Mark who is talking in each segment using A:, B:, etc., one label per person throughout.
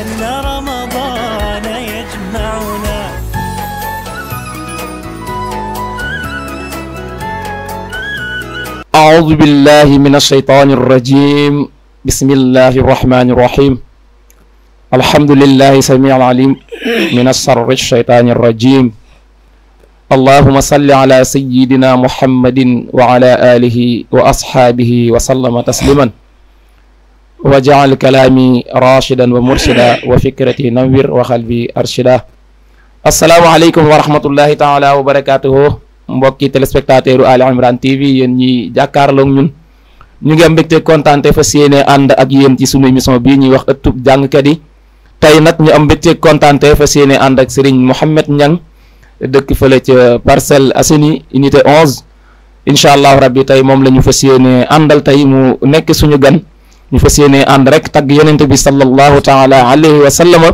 A: أن رمضان يجمعنا
B: أعوذ بالله من الشيطان الرجيم بسم الله الرحمن الرحيم الحمد لله سميع العليم من الشر الشيطان الرجيم اللهم صل على سيدنا محمد وعلى آله وأصحابه وسلم تسليما wajaal kalaami rachidan wa murshida wa fikrati nawwir wa xalbi arshida asalaamaaleykum wa rahmatullahi taala wa barakatuhu mbokki téléspectateur u Ali Imran TV yéen ñi jàkkaarloog ñun ñu ngi am mbégte kontaan te fas yéene ànd ak yéen ci sunu émission bii ñuy wax ëttub jàngkat yi tey nag ñu am mbégte kontaan te fas yéene ànd ak Serigne Mouhamed Niang dëkk fële ca Parcelles Assainies unité 11 incha allah rabbi tey moom la ñu fas yéene àndal tey mu nekk suñu gan ñu fas yéene ànd rek tagg yonente bi sallallahu taala alayhi wa sallama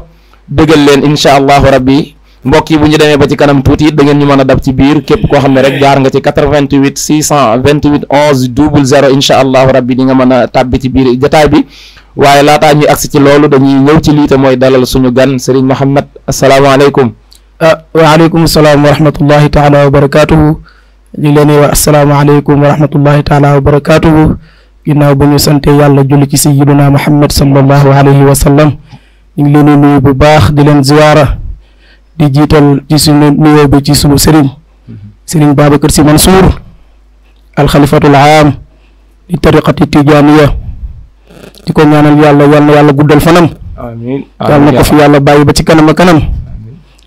B: leen incha allahu rabbi mbokk yi bu ñu demee ba ci kanam tuuti it da ngeen ñu mën a dab ci biir képp koo xam ne rek jaar nga ci 88 628 11 00 incha allahu rabbi di nga mën a tàbbi ci biir jataay bi waaye laataa ñuy agsi ci loolu dañuy ñëw ci lii te mooy dalal suñu gan Serigne Mohamed asalaamaaleykum.
C: Ah, waaleykum salaam wa rahmatullahi taala wa barakaatuhu ñu ngi leen di wax asalaamaaleykum wa rahmatullahi taala wa barakaatuhu. ginnaaw ba ñu sante yàlla julli ci sayyiduna muhammad sallallahu alayhi wa sallam ñu ngi leen di bu baax di leen ziyaara di jiital ci suñu nuyoo bi ci suñu sëriñ sëriñ Babacar Sy Mansour alxalifatul aam di tariqati tijaaniya di ko ñaanal yàlla yal na yàlla guddal fanam yàlla bàyyi ba ci kanam a kanam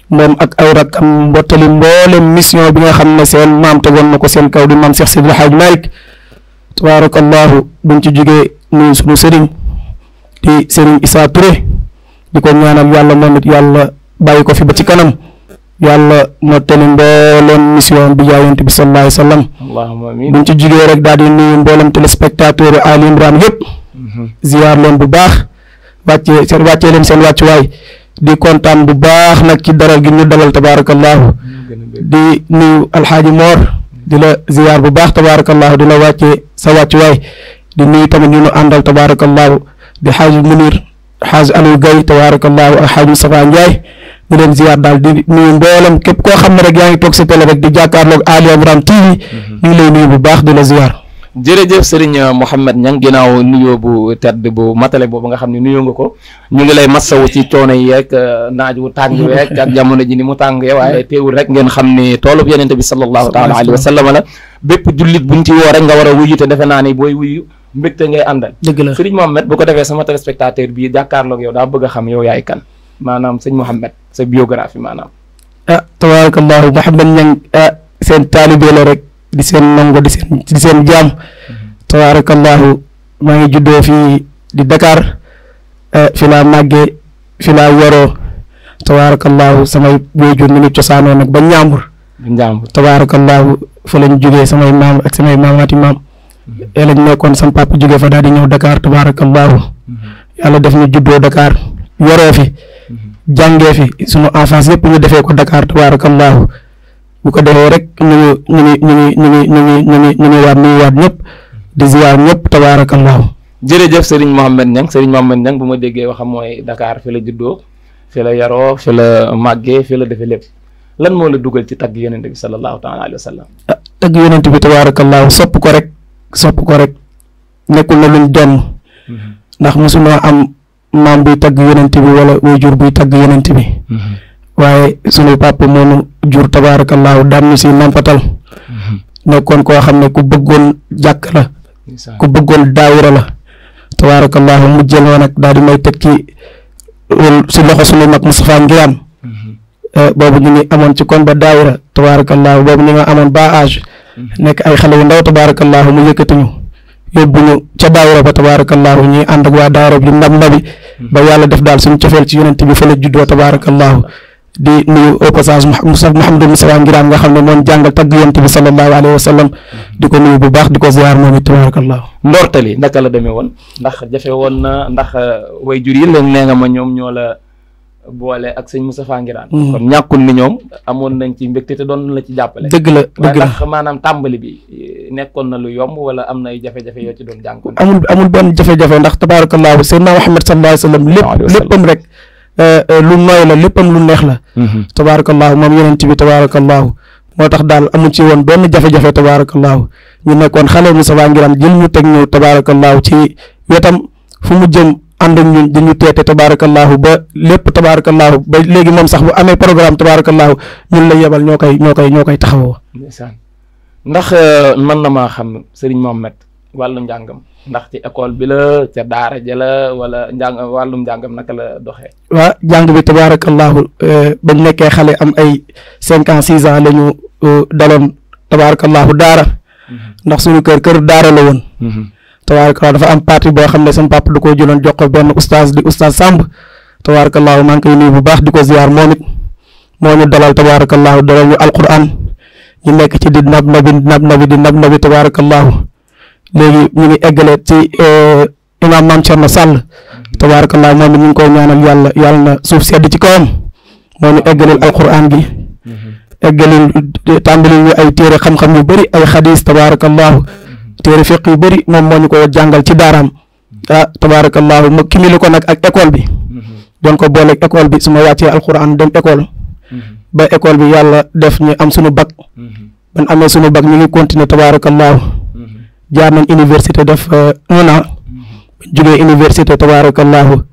C: moom ak ay rakam mbottali mboolem mission bi nga xam ne seen maam tegoon na ko seen kaw di maam Cheikh Sidil Hadj Malick tabaarakallaahu buñ ci jógee nuyu suñu sëriñ di sëriñ Issa Touré di ko ñaanal yàlla moom yàlla bàyyi ko fi ba ci kanam yàlla mottali mbooleem mission bi jaayante bi sallallahu alayhi wa
B: sallam buñ ci jógee
C: rek daal di nuyu mboolem téléspectateur yi Ali Imran yëpp
A: mm-hmm.
C: ziyaar leen bu baax wàccee seen wàccee leen seen wàccuwaay di kontaan bu baax nag ci dalal gi ñu dalal tabaarakallaahu mm-hmm. di nuyu alxaaji Moor di la ziyaar bu baax tabaarakallaahu di la wàccee sa wàccuwaay di nuyu tamit ñu nu àndal tabaarakallaahu di xaaju Munir xaaju Aliou Guèye tabaarakallaahu ak xaaju Moustapha Ndiaye di leen ziyaar daal di nuyu mboolem képp koo xam ne rek yaa ngi toog sa télé rek di jàkkaarloog Ali mu TV ñu ngi lay nuyu bu baax di la ziyaar
B: jërëjëf Serigne Mouhamed Niang ginnaaw nuyoo bu tedd bu matale boobu nga xam ne nuyoo nga ko ñu ngi lay massawu ci coono yi ak euh, naaj wu tàng week ak jamono ji ni mu tàngee waaye teewul rek ngeen xam ne toolub yenente bi sallallahu taala alayhi wa sallam la bépp jullit buñ ci woo rek nga war a wuyu te defe naa ne booy wuyu mbégte ngay àndal dëgg la Serigne Mouhamed bu ko defee sama téléspectateur bii jàkkaarloog yow daa bëgg a xam yow yaay kan maanaam sëñ Mouhamed sa biographie maanaam
C: ah tabaarakallahu Mouhamed Niang ah seen taalibe la rek di seen nango di seen di seen jaam tabarakallahu maa ngi juddoo fi di Dakar eh, fi laa màggee fi laa yoroo tabarakallahu samay waajur ñu ngi cosaanoo nag ba Njàmbur tabarakallahu fa lañ jógee samay maam ak samay maamaati maam e mm-hmm. lañ nekkoon sam papa jógee fa daal di ñëw Dakar tabarakallahu mm-hmm. yàlla def ñu juddoo Dakar yoroo fi mm-hmm. jàngee fi sunu enfance yëpp ñu defee ko Dakar tabarakallahu bu ko defee rek ñu ngi ñu ngi ñu ngi ñu ngi ñu ngi ñu ngi waat ñu ngi waat ñëpp
B: di ziwaat ñëpp tabaarakallaahu. jërëjëf Serigne Mohamed Niang Serigne Mohamed Niang bu ma déggee waxam mooy Dakar fi la juddoo fi la yaroo fi la màggee fi la defee lépp lan moo la dugal ci tagg yonent bi sallallahu taala alayhi wa sallam.
C: ah tagg yonent bi tabaarakallaahu sopp ko rek sopp ko rek nekkul na luñ doon mhm. ndax mosunoo am maam buy tagg yonent bi wala wajur buy tagg yonent bi. Mhm. waaye sunu papa moonu jur tabaarakallaahu daan ñu si nampatal nekkoon ko xam ne ku bëggoon jàkk la ku bëggoon daawura la tabaarakallaahu mu jël woon ak daal di may teg ci si loxo sunu mag Moustapha Ngiraan boobu mhm. amoon eh, ci kon ba daawura tabaarakallaahu boobu ñu ngi amoon ba âge mhm. nekk ay xale yu ndaw tabaarakallaahu mu yëkkatiñu yóbbu ñu ca daawara ba tabaarakallaahu ñuy ànd ak waa daawara bi ndam ndabi mhm. ba yàlla def daal suñu cofeel ci yonent bi fa la juddoo tabaarakallaahu di nuyu au passage Mouhamadou Moustapha Ngiraan nga xam ne moom jàngal tagg yonent bi sallallahu alayhi wa sallam di ko nuyu bu baax di ko ziar moom it tabarakallah ndortali naka la demee woon
B: ndax jafe woon na ndax way jur yi leen nee nga ma ñoom ñoo la boole ak sëñ Moustapha Ngiraan mm. kon ñàkkul ni ñoom amoon nañ ci mbégte te doon la ci jàppale dëgg la dëgg la ndax maanaam tàmbali bi eh, nekkoon na lu yomb wala am na ay jafe-jafe yoo ci doon jànkoon
C: amul amul benn jafe-jafe ndax tabarakallah Seydina Muhammad sallallahu alayhi wa sallam lépp léppam Euh, euh, lu nooy la léppam lu neex la. Mm-hmm. tabaarakallaahu moom yonent bi tabaarakallaahu moo tax daal amu ci woon benn jafe-jafe tabaarakallaahu ñu nekkoon xale mu sabaa ngiram jël ñu teg ñu tabaarakallaahu ci wetam fu mu jëm ànd ñu ñun di ñu teete tabaarakallaahu ba lépp tabaarakallaahu ba léegi moom sax bu amee programme tabaarakallaahu ñun la yebal ñoo koy ñoo koy ñoo koy taxawoo.
B: ndax euh, man na maa xam Serigne Mohamed wàllu njàngam ndax ci école bi la ca daara ja la wala njàng wàllum njàngam naka la doxee.
C: waa jàng bi tabaarakallaahu eh, bañ nekkee xale am ay cinq ans six ans la ñu eh, daloon tabaarakallaahu daara mm-hmm. ndax suñu kër kër daara la woon. Mm-hmm. tabaarakallaahu dafa am partie boo xam ne sama papa du ko jëloon jox ko benn oustaz di oustaz Samb tabaarakallaahu maa ngi koy nuyu bu baax di ko ziar moom it moo ñu dalal tabaarakallaahu dalal ñu alquran ñu nekk ci di nab nabi nab nabi di nab nabi tabaarakallaahu léegi ñu ngi eggale ci euh, imaam maam Thierno Sall tabaarakallaa moom ñu ngi koy ñaanal yàlla yàlla na suuf sedd ci kawam moo ñu eggaleel alquran bi eggaleel tàmbalil ñu ay téere xam-xam yu bëri ay xadis tabaarakallaahu téere fiq yu bëri moom moo ñu ko jàngal ci daaram ah tabaarakallaahu ma kimili ko nag ak école bi doon ko booleeg école bi su ma wàccee alquran dem école ba école bi yàlla def ñu am suñu bac ban amee suñu bac ñu ngi continuer tabaarakallaahu jaar nañ université def euh, un an jógee université tabaarakallaahu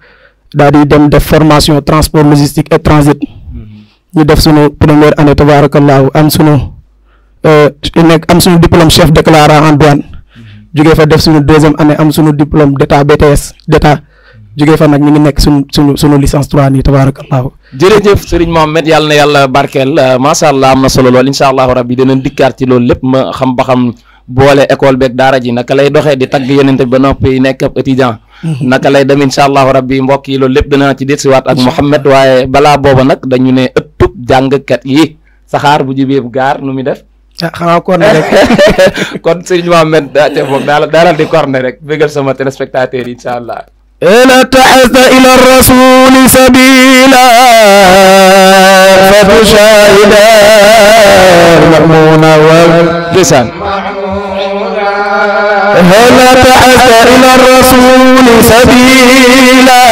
C: daal di dem def formation transport logistique et transit ñu def sunu première année tabaarakallaahu am sunu euh, nekk am sunu diplôme chef déclarant en douane jógee fa def sunu deuxième année am sunu diplôme d'état BTS d'état jógee fa nag ñu ngi nekk suñu suñu suñu licence 3 nii tabaarakallaahu
B: jërëjëf Serigne Mohamed yàlla na yàlla barkeel euh, macha allah am na solo lool incha allahu rabbi dinañ dikkaat ci loolu lépp ma xam ba xam. boole école beeg daara ji naka lay doxee di tagg yonente ba noppi nekk ab étudiant mhm. naka lay dem incha allahu rabbi mbokk yi loolu lépp dana ci dit siwaat ak Mouhamed waaye balaa booba nag dañu ne ëttub jàngkat yi saxaar bu bu gaar nu muy def
C: ah xanaa corne rek
B: kon sëriñ Mouhamed daa daal daal di corne rek bégal sama téléspectateur yi incha allah
C: إن
A: اتخذت إلى الرسول سبيلا فتشاهدا مأمون واللسان هل اتخذت إلى الرسول سبيلا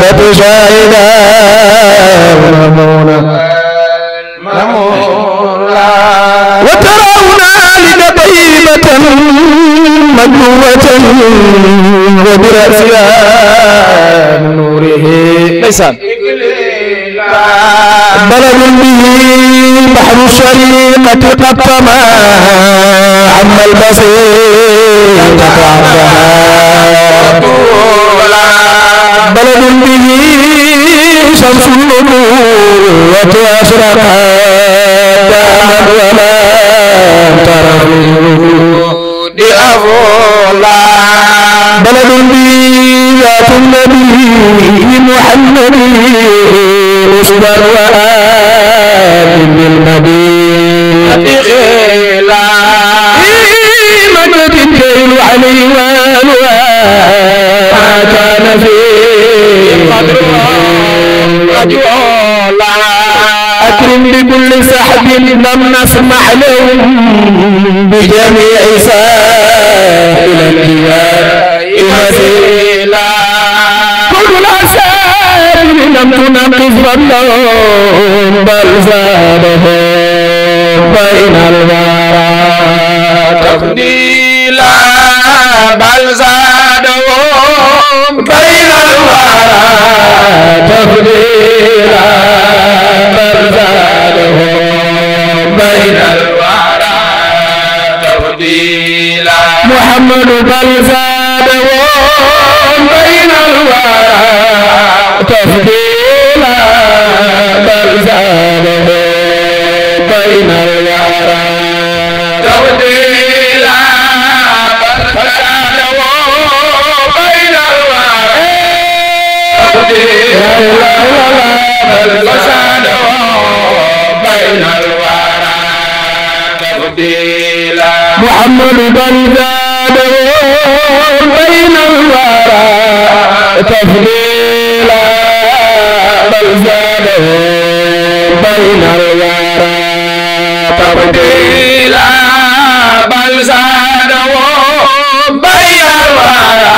A: فتشاهدا مأمون مأمون وترون ذلك طيبة مدوة وبرأسها نوره ليسان بلد به بحر الشريقة قد طمى عم البصير بلد به شمس النبوة أشرقت ولا ترى di afola baladun biyaatun nabi muhammadi usban wa amin bil madinati xeela مدد الدين علي والوى ما كان فيه قدر رجوع بكل سحب لم نسمح لهم بجميع سائل الديار هزيلا كل الأسائل لم تنقذ بلهم بل زادهم بين الورى تفضيلا بل زادهم بين تفضيلا مرزادهم بين الورى تفضيلا محمد بل زادهم بين الورى تفضيلا بل زادهم بين الورى تفضيلا بل زادهم محمد بن زاده بين الورى تفضيلا بل زاده بين الورى تفضيلا بل زاده بين الورى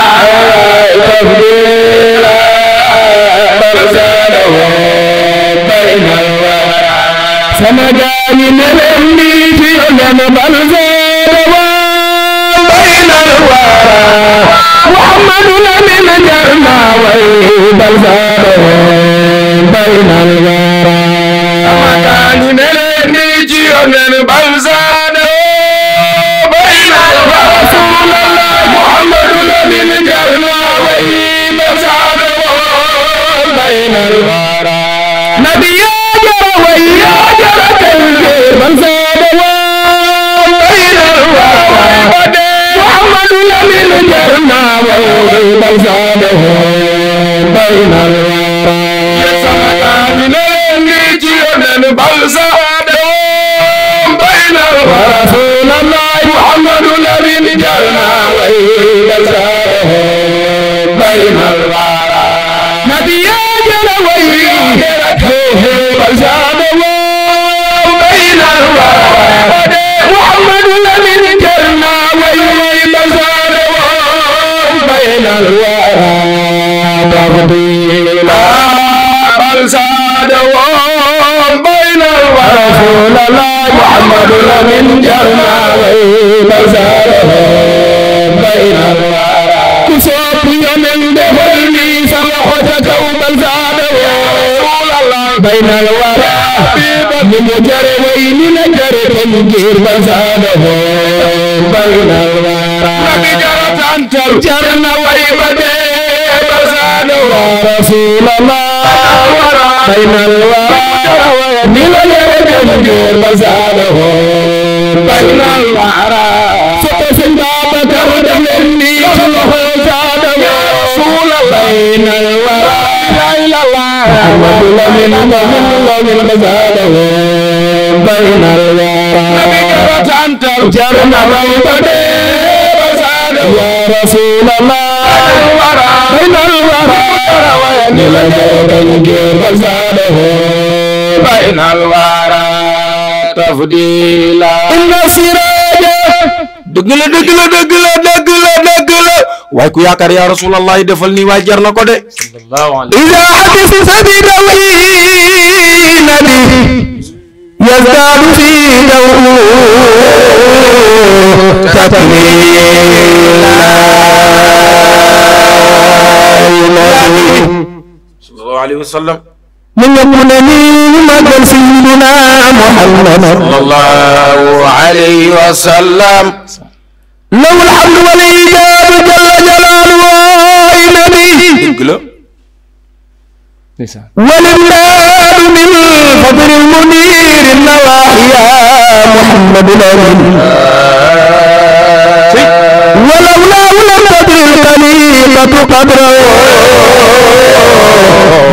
A: تفضيلا أرسله بين الورى سمجاني نرمي في علم بل زاده بين الورى محمد من جرنا بل زاده بين الورى سمجاني نرمي وحسابه بين الورى سمكان نجي من بلساده بين الورى رسول الله محمد الذي جلنا وإلى بين الورى طويلا بل ساد بين رسول الله محمد من جرمى بل ساد بين كسوف يمن بهرني سمحت توبا ساد رسول الله بين الورى لمجرمين نجر تنكير بل ساد بين الورى جرت انت جرنا ويبدأ يا رسول الله بين الورى من اليمين مزاده بين الورى فتسن بابك ودمني الله زاده بين الورى إلى الله ومن ومن ومن مزاده بين الورى جرنا روضته
C: waaye ku yaakaar yaa rasulallah yi defal nii waaye jar na ko de
A: iza hadisa sabida wi nabi يزداد في دوره تكميلا
C: صلى الله عليه وسلم
A: من يكون مجد سيدنا محمد صلى الله عليه وسلم له الحمد والإيجاب جل جلاله ونبيه وللنار من فضل المنير النواحي محمد الأمين ولولا لم تدر الخليقة قدره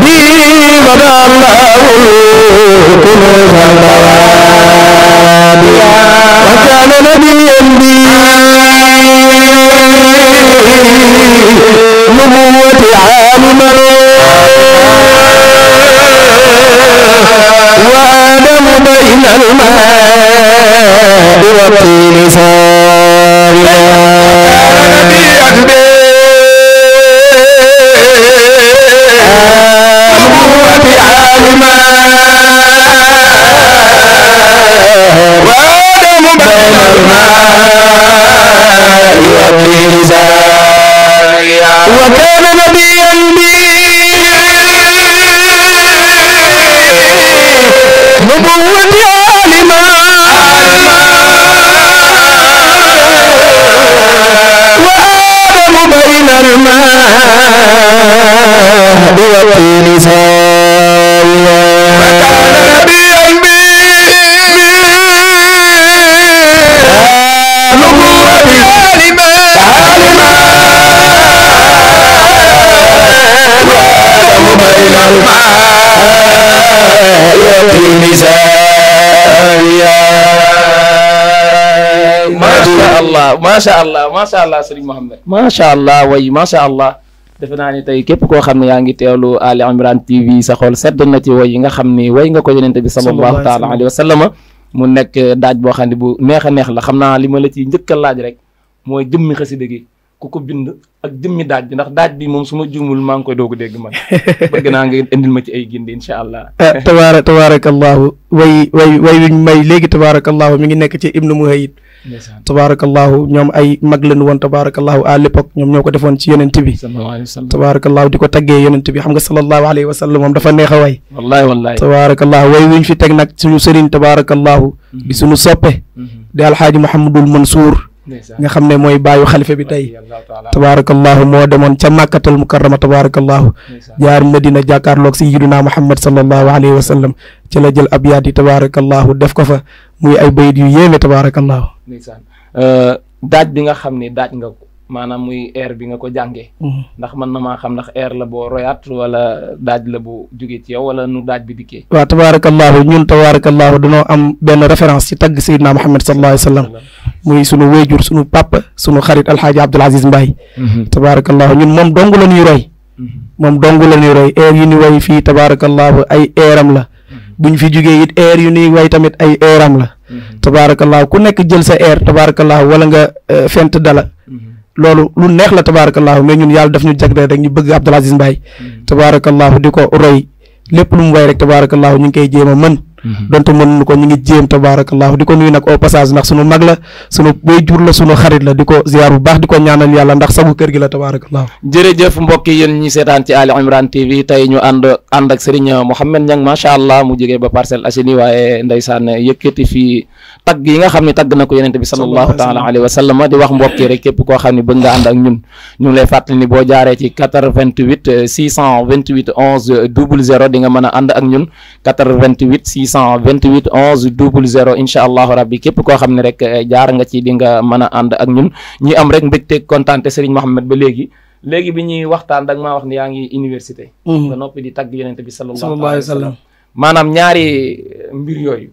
A: به بدا الله كنوز البوابيا وكان نبيا بي نبوة عالما من الماء والطين فوق والطين ساويا وكان نبيا
B: ما شاء الله ما شاء الله ما شاء الله سيدي محمد ما شاء الله وي ما شاء الله defe naa ni tey képp koo xam ne yaa ngi teewlu Ali Imran TV sa xol sedd na ci woy yi nga xam ni woy nga ko yonente bi sallallahu taala alayhi wa sallama mu nekk daaj boo xam ne bu neex a neex la xam naa li ma la ci njëkk laaj rek mooy jëmmi xasida gi ku ko bind ak jëmmi daaj bi ndax daaj bi moom su ma juumul maa ngi koy doogu dégg man bëgg naa nga indil ma ci ay gindi incha allah
C: eh, tabaara tabaarakallahu way way way wiñ may léegi tabaarakallahu mi ngi nekk ci ibnu muhayid tabaarakallaahu ñoom ay mag lañu woon tabaarakallaahu à l'époque ñoom ñoo ko defoon ci yonent bi tabaarakallaahu di ko taggee yonent bi xam nga sallallahu alayhi wa sallam moom dafa neex a way wallaay wallaay tabaarakallaahu way wiñ fi teg nag suñu sëriñ tabaarakallaahu mhm. di suñu soppe mhm. di alxaaji Mouhamadul Mansour nga xam ne mooy bàyyu xalifa bi tey tabaarakallaahu moo demoon ca màkkatal mukarrama tabaarakallaahu jaar madina jàkkaarloog sayyiduna muhammad sallallahu alayhi wa sallam ci la jël abyaat yi tabaarakallaahu def ko fa muy ay bayit yu yéeme tabaarakallaahu
B: ndeysaan euh, daaj bi nga xam ne daaj nga ko maanaam muy air bi nga ko jàngee. Mm-hmm. ndax man na maa xam ndax air la boo royaat wala daaj la bu jógee ci yow wala nu daaj bi dikkee. waaw tabaarakallaahu ñun tabaarakallaahu
C: dañoo am benn référence ci tagg Seydina Muhammad sallallahu alayhi wa sallam muy sunu wéyjur sunu papa sunu xarit Alxaaji Abdul Aziz Mbaye. Mm-hmm. tabaarakallaahu ñun moom dong la ñuy roy. Mm-hmm. moom dong air yi ñu woy fii tabaarakallaahu ay airam la. buñ fi jugee it air yu nuy way tamit ay airam la mm-hmm. tabaarakallaahu ku nekk jël sa air tabaarakallaahu wala nga euh, fent dala mm-hmm. loolu lu neex la tabaarakallaahu mais ñun yàlla daf ñu jagleel rek ñu bëgg Abdou Aziz Mbaye mm-hmm. tabaarakallaahu di ko roy lépp lu mu way rek tabaarakallaahu ñu ngi koy jéem a mën Mhm. donte mënuñu ko ñu ngi jéem tabaarakallaahu di ko nuyu nag au passage ndax sunu mag la sunu boy jur la sunu xarit la di ko ziar bu baax di ko ñaanal yàlla ndax sagu kër gi la tabaarakallaahu
B: jërëjëf mbokk yi yéen ñu seetaan ci Ali Imran TV tey ñu ànd ànd ak Serigne Mouhamed Niang macha allah mu jógee ba Parcelles ni waaye ndeysaan yëkkati fii tagg yi nga xam ne tagg na ko yenente bi sallallahu taala alayhi wa sallam di wax mbokk yi rek képp koo xam ne bëgg nga ànd ak ñun ñu lay ni boo jaaree ci 88 628 11 00 di nga mën a ànd ak ñun 88 628 11 00 incha allahu rabbi képp koo xam ne rek eh, jaar nga ci di nga mën a ànd ak ñun ñi am rek mbégte kontaan te Serigne Mohamed ba léegi léegi bi ñuy waxtaan da nga maa wax ni yaa ngi université. nga mm-hmm. noppi di tagg yonent bi sallallahu alayhi wa sallam maanaam ñaari eh, mbir yooyu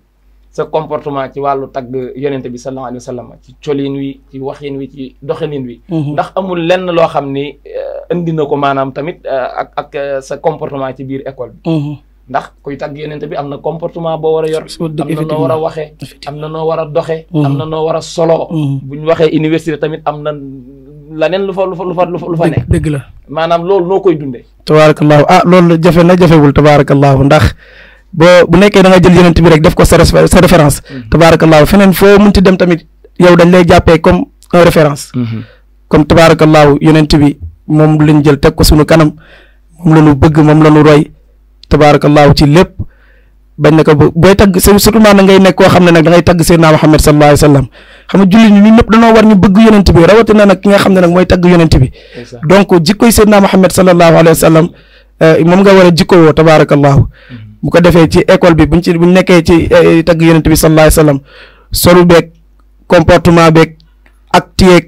B: sa comportement ci wàllu tagg yonent bi sallallahu alayhi wa sallam ci colin wi ci waxin wi ci doxalin wi. Mm-hmm. ndax amul lenn loo xam ni indi eh, na ko maanaam tamit ak ak sa comportement ci biir école mm-hmm. ndax koy tàgg yonent bi am na comportement boo war a yor am na noo war a waxee am na noo war a doxee mhm. am na noo war a solo mhm. bu ñu waxee université tamit am na laneen lu fa lu fa lu fa lu fa nekk dëgg la maanaam loolu noo koy dundee
C: tabaarakallaahu ah loolu jafe na jafewul tabaarakallaahu ndax boo bu nekkee da nga jël yonent bi rek def ko sa sa référence mhm. tabaarakallaahu feneen foo munti dem tamit yow dañ lay jàppee comme un référence comme tabaarakallaahu yonent bi moom lañ jël teg ko suñu kanam moom la bëgg moom la ñu roy tabaarakallaahu ci lépp bañ na ko booy tagg sa surtout maanaam ngay nekk koo xam ne nag da ngay tagg Seydina Muhammad sallallahu alayhi wa sallam xam nga jullit ñi ñëpp dañoo war ñu bëgg yonent bi rawatina nag ki nga xam ne nag mooy tagg yonent bi. donc jikkoy Seydina Muhammad wa sallam eh, moom nga war a jikkowoo tabaarakallaahu mm-hmm. bu ko defee ci école bi buñ ci buñ nekkee ci eh, tagg yonent bi sallallahu alayhi wa sallam solu beeg comportement beeg acte yeeg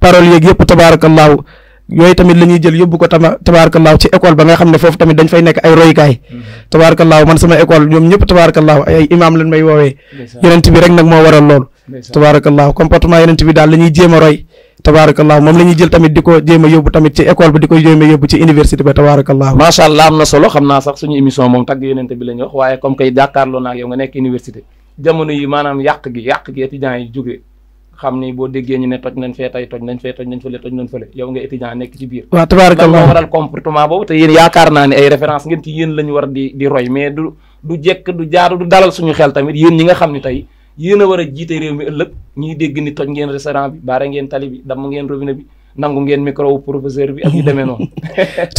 C: parole yeeg yëpp tabaarakallaahu yooyu tamit la ñuy jël yóbbu ko tama tabaarakallaahu ci école ba nga xam ne foofu tamit dañ fay nekk ay royukaay mm-hmm. tabaarakallaahu man sama école ñoom ñëpp tabaarakallaahu ay imaam lañ may woowee yonent bi rek nag moo waral loolu tabaarakallaahu comportement yonent bi a roy tabaarakallaahu moom la ñuy jël tamit di ko jéem yóbbu tamit ci école bi di ko jéem a yóbbu ci université ba tabaarakallaahu
B: macha allah am na solo xam naa sax suñu émission moom tagg yonent bi la ñu wax waaye comme que jàkkaarloo naa yow nga nekk université jamono yi maanaam yàq gi yàq gi étudiants yi xam ni boo déggee ñu ne toj nañ fee tey toj nañ fee toj nañ fële toj nañ fële yow nga étudiant nekk ci biir waaw tabaarakallah waral comportement boobu te yéen yaakaar naa ne ay référence ngeen ci yéen la war di di roy mais du du jekk du jaaru du dalal suñu xel tamit yéen ñi nga xam ne tey yéen a war a jiite réew mi ëllëg ñuy dégg ni toj ngeen restaurant bi baare ngeen tali bi damm ngeen robinet bi nangu ngeen micro wu professeur bi ak yu demee noonu.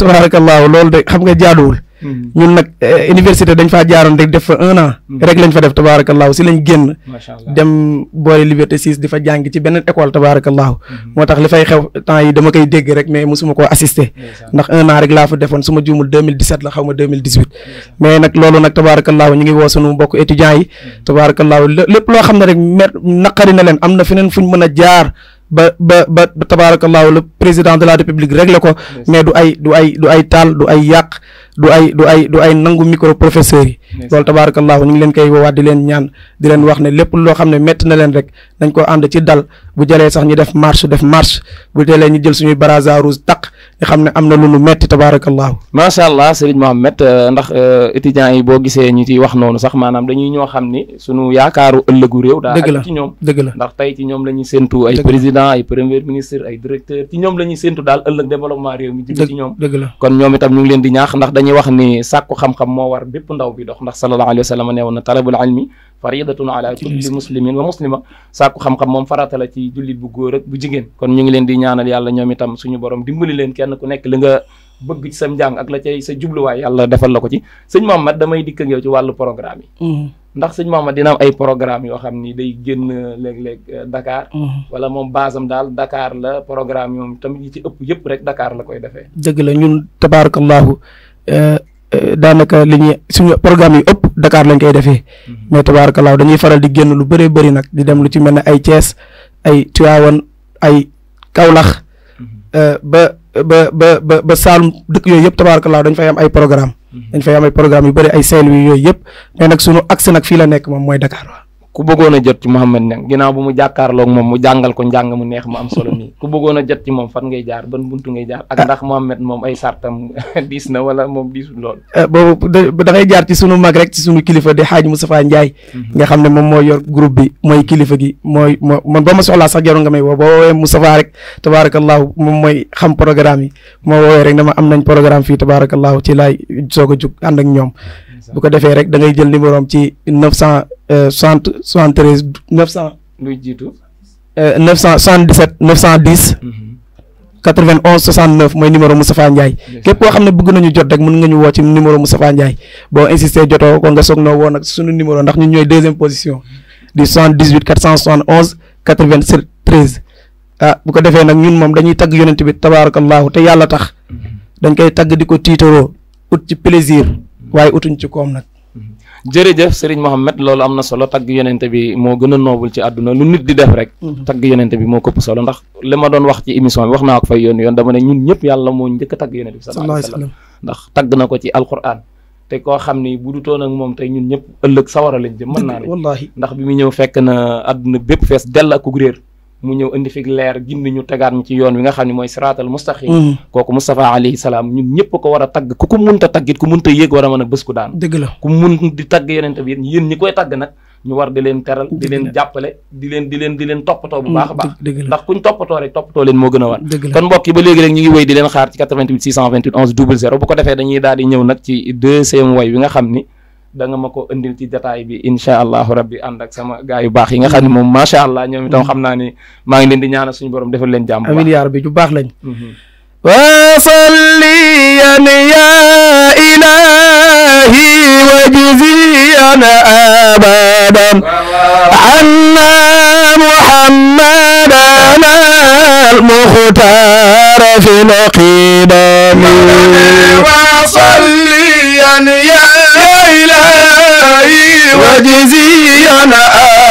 C: loolu de xam nga jaaduwul. Hmm. ñun nag eh, eh, université dañ faa jaaroon rek def fa un an. Hmm. rek lañ fa def tabaarakallaahu si lañ génn. dem boole Liberté 6 di fa jàng ci benn école tabaarakallaahu. Hmm. moo tax li fay xew temps yi dama koy dégg rek mais mosuma koo assister. ndax un an rek laa fa defoon su ma juumul 2017 la xaw ma 2018. mais nag loolu nag tabaarakallaahu ñu ngi woo sunu étudiants yi. tabaarakallaahu lépp loo xam ne rek mer naqari na leen am na feneen ñu mën a jaar. ba ba ba tabaarakallaahu le président de la république réglé ko mais du ay du ay ay taal du ay yàq du ay du ay du ay nangu micro professeurs yi loolu tabaarakallaahu ñu ngi leen koy woowaat di leen ñaan di leen wax ne lépp loo xam ne métti na leen rek dañ ko ànd ci dal bu jalee sax ñu def marche def marche bu jëlee ñu jël suñuy baraza rouge taq nga xam ne am na lu nu metti tabaarakallaahu macha
B: allah Serigne Mohamed euh, ndax euh, étudiants yi boo gisee ñu ci wax noonu sax maanaam dañuy ñoo xam ni sunu yaakaaru ëllëgu réew daa ak ci ñoom dëgg tey ci ñoom la ñuy séntu ay président ay premier ministre ay directeur ci ñoom la ñuy daal ëllëg développement réew mi jig ci ñoom kon ñoom itam ñu ngi leen di ñaax ndax dañuy wax ni sàkku xam-xam war bépp ndaw bi dox ndax sallallahu alayhi wa sallam nee woon na talabul ilmi faridatun ala kulli muslimin wa muslima sàkku xam-xam moom farata ci jullit bu góor bu jigéen kon ñu ngi leen di ñaanal yàlla ñoom itam suñu borom dimbali leen kenn ku nekk li nga bëgg sam njàng ak la cay sa jubluwaay yàlla defal la ko ci sëñ Mouhamed damay dikk ak yow ci wàllu programme yi mm-hmm. ndax sëñ Mouhamed dina am ay programme yoo xam ni day génn léeg-léeg euh, Dakar mm-hmm. wala moom basam daal Dakar la programme yi moom tamit yi ci ëpp yëpp rek Dakar la koy defee
C: dëgg Euh, daanaka li ñuy suñu programme yi ëpp Dakar lañ koy defee mhm. mais tabaarakalaaw dañuy faral di génn lu bëree bari nag di dem lu ci mel ne ay Thiès ay Tivaouane ay Kaolack mhm. euh, ba ba ba ba ba Saalum dëkk yooyu yëpp tabaarakalaaw dañ fay am ay programme mhm. dañ fay am ay programme yu bëri ay Saint-Louis yooyu yëpp mais nag suñu accès nag fii la nekk moom mooy Dakar ku bëggoon a jot ci Mouhamed Niang
B: ginnaaw ba mu jàkkaarloog moom mu jàngal ko njàng mu neex mu am solo nii ku bëggoon a jot ci moom fan ngay jaar ban buntu ngay jaar ak ndax moom ay sartam diis na wala moom diisul lool.
C: Eh, boobu da ngay jaar ci sunu mag rek ci sunu kilifa di xaaj Moustapha Ndiaye. Mhm. nga xam ne moom moo yor groupe bi mooy kilifa gi mooy moo man ba ma soxlaa sax jaroon nga may woo boo mu Moustapha rek tabaarakallahu moom mooy xam programme yi moo woowee rek ma am nañ programme fii tabaarakallahu ci laay soog a jug ànd ak ñoom. bu ko defee rek da ngay jël numéro ci neuf cent euh, soixante soixante treize neuf cent. luy jiitu. Euh, neuf cent soixante dix sept neuf cent dix. Mm-hmm. quatre vingt onze soixante neuf mooy numéro Moustapha Ndiaye. képp koo xam ne bëgg nañu jot rek mën nga ñu woo ci numéro Moustapha Ndiaye boo insister jotoo ko nga soog noo woo nag suñu numéro ndax ñu ñooy deuxième position. di soixante dix huit quatre cent soixante onze quatre vingt sept treize. ah bu ko defee nag ñun moom dañuy tagg yonent bi tabaarakallahu te yàlla tax. Mm-hmm. dañ koy tagg di ko tiitaroo ut ci plaisir. waaye utuñ ci koom nag.
B: jërëjëf Serigne Mohamed loolu am na solo tagg yonente bi moo gën a noobul ci àdduna lu nit di def rek. Mhm. tagg yonente bi moo këpp solo ndax li ma doon wax ci émission bi wax naa ko fay yoon yoon dama ne ñun ñëpp yàlla moo njëkk a tagg yonente bi. sa alayhi ndax tagg na ko ci alquran. te koo xam ni bu dutoon ak moom tey ñun ñëpp ëllëg sawara lañ jëm mën naa ne. wallaahi ndax bi mu ñëw fekk na àdduna bépp fees dell ak ku réer mu ñëw indi fi leer gindi ñu tegaat ñu ci yoon wi nga xam ne mooy siraatal mustaqim mm. kooku Moustapha alayhi salaam ñun ko war a tagg ku ko munta taggit ku munta yéeg war a mën a bés ku daan dëgg la ku mun di tagg yonent bi yéen ñi koy tagg nag ñu war di leen teral di leen jàppale di leen di bu baax a baax mm, ndax kuñ toppatoo rek toppatoo leen moo gën a war kon mbokk ba léegi rek ñu ngi di leen xaar ci 88 628 11 00 bu ko wi da ma ko indil ci jataay bi incha allahu rabbi ànd ak sama gaa yu baax yi nga xam ne moom macha allah ñoom itam xam naa maa ngi leen di ñaanal suñu borom defal leen
C: jàmm. amiin yaa rabbi ju baax lañ. وصليا يا
A: إلهي وجزيا أبدا عنا محمدا المختار في إلهي وجزينا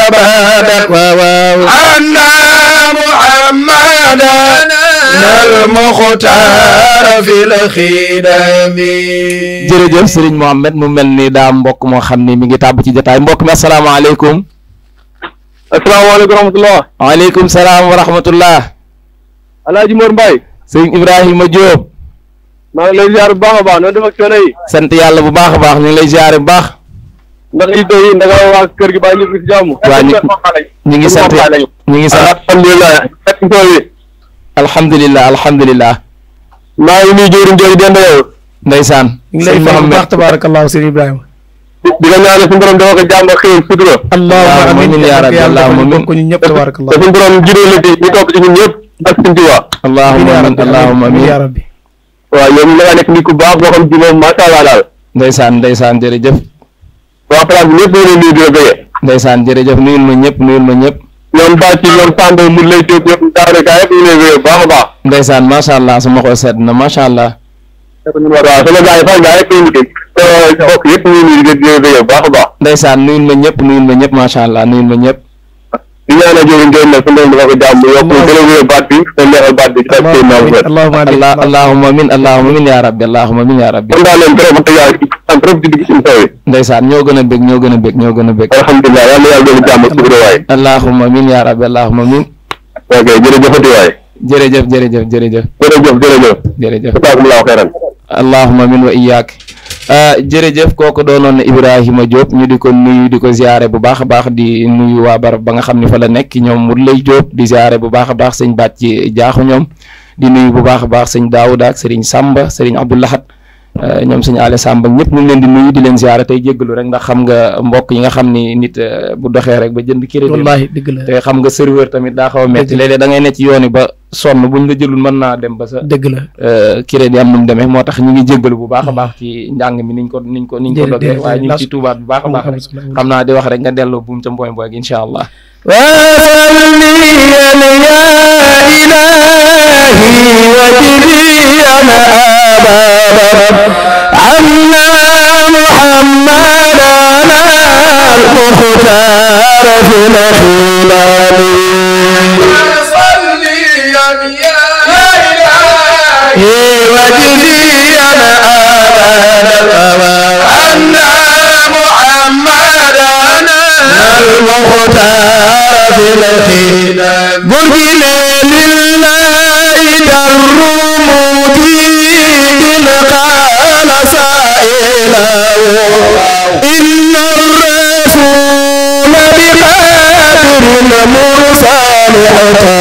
A: أبدا أن محمدا المختار في الخدم
B: jërëjëf Serigne Mohamed mu mel ni daa mbokk moo xam ni mi ngi tàbb ci jotaay mbokk mi asalaamaaleykum. asalaamaaleykum wa rahmatulah. waaleykum salaam wa rahmatulah. El Hadj Mor Mbaye. Serigne Ibrahima Diop. maa ngi lay ziar bu baax a baax noo def ak coono yi. sant yàlla bu baax a baax ñu ngi lay ziar bu baax. ndax ido yi ndax waa kër gi baax ñu ngi si jàmm. waa ñu ñu ngi sant ñu ngi sant alhamdulilah. alhamdulilah alhamdulilah. maa ngi nuyu jëwriñ jooju dend yow. ndeysaan.
A: ñu ngi lay fay bu baax
C: tabaarakallaahu sëñ Ibrahima.
A: di la ñaanal suñu borom dafa ko jàmm ak xëy sutura. allahumma amiin yaa rabbi allahumma amiin ko ñun ñëpp tabaarakallaahu. te suñu borom juree la ñu topp ci ñun ñëpp
C: ak suñu tuwaa. allahumma amiin allahumma amiin yaa rabbi waaw yow mi nga nekk nit ku baax boo xam ci
B: moom macha allah daal. ndeysaan ndeysaan jërëjëf. waa Faral bi ñëpp ñoo ngi nuyu di la bëggee. ndeysaan jërëjëf nuyul ma ñëpp nuyul ma ñëpp. ñoom
A: bàcc ñoom Samba mu lay jóg ñoom baax a baax.
B: ndeysaan macha allah sama xol sedd na macha allah.
A: waaw sama gars yëpp ñu baax a baax.
B: ndeysaan nuyul ma ñëpp nuyul ma ñëpp macha allah nuyul ma ñëpp.
A: di ñaanal jooju ngeen ne suñu doon dafa ko jàmm yokk gën a wéy baat bi te neexal baat bi. allahumma amin allahumma amin allahumma amin
B: yaa rabbi allahumma amin yaa rabbi. kon daal leen trop te yaa am trop di dugg suñu taw yi. ndeysaan ñoo gën a bég ñoo gën a bég ñoo gën a bég. alhamdulilah yal na yàlla doon jàmm si biir waay. allahumma amin yaa rabbi allahumma amin. ok jërëjëfati waay. jërëjëf jërëjëf jërëjëf. jërëjëf jërëjëf. jërëjëf. allahumma amin wa iyyaak Euh, jërëjëf kooku doonoon Ibrahima Diop ñu di ko nuyu di ko ziare bu baax a baax di nuyu waa barab ba nga xam ne fa la nekk ñoom mu lay Diop di ziare bu baax a baax sëñ baat ci jaaxu ñoom di nuyu bu baax a baax sëñ Daouda ak sàmba Samba sëriñ Abdoulahat Euh, ñoom suñu àll sàmb ak ñëpp ñu ngi leen di nuyu di leen ziara tey jéggalu rek ndax xam nga mbokk yi nga xam ni nit euh, bu doxee rek ba jënd crédit wallaahi la te a da ngay ne ci yoon yi ba ba euh, am nu mu moo tax ñu ngi jéggalu bu baax a baax ci njàng mi niñ ko niñ ko niñ ko dogee waaye ñu ngi ci tuubaat bu baax a baax rek xam naa di wax rek nga delloo buum ca mbooy mbooy gi incha allah wasalli ya ilahi wa عنا محمدنا المختار في الخلال
A: صليا يا إلهي وجزيا آمانا عنا محمدنا المختار في الخلال إن الرسول بقادر مرسل حتى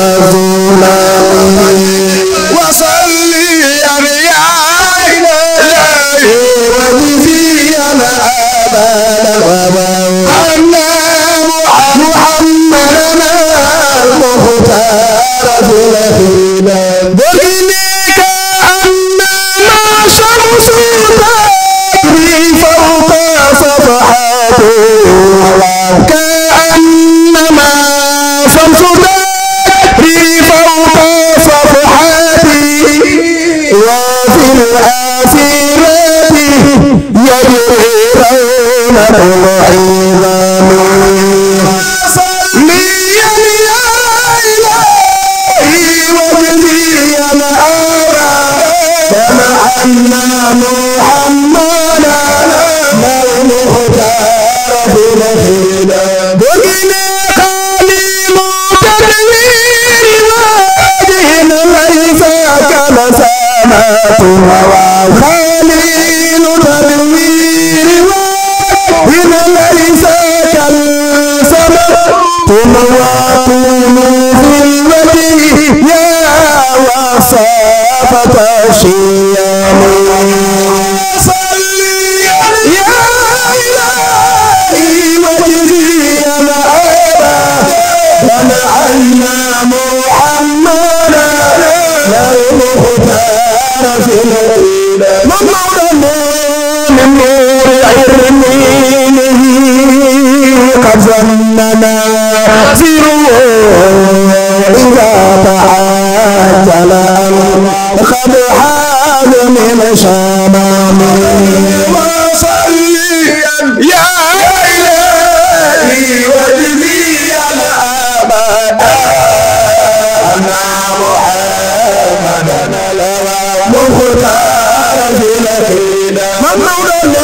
A: محمد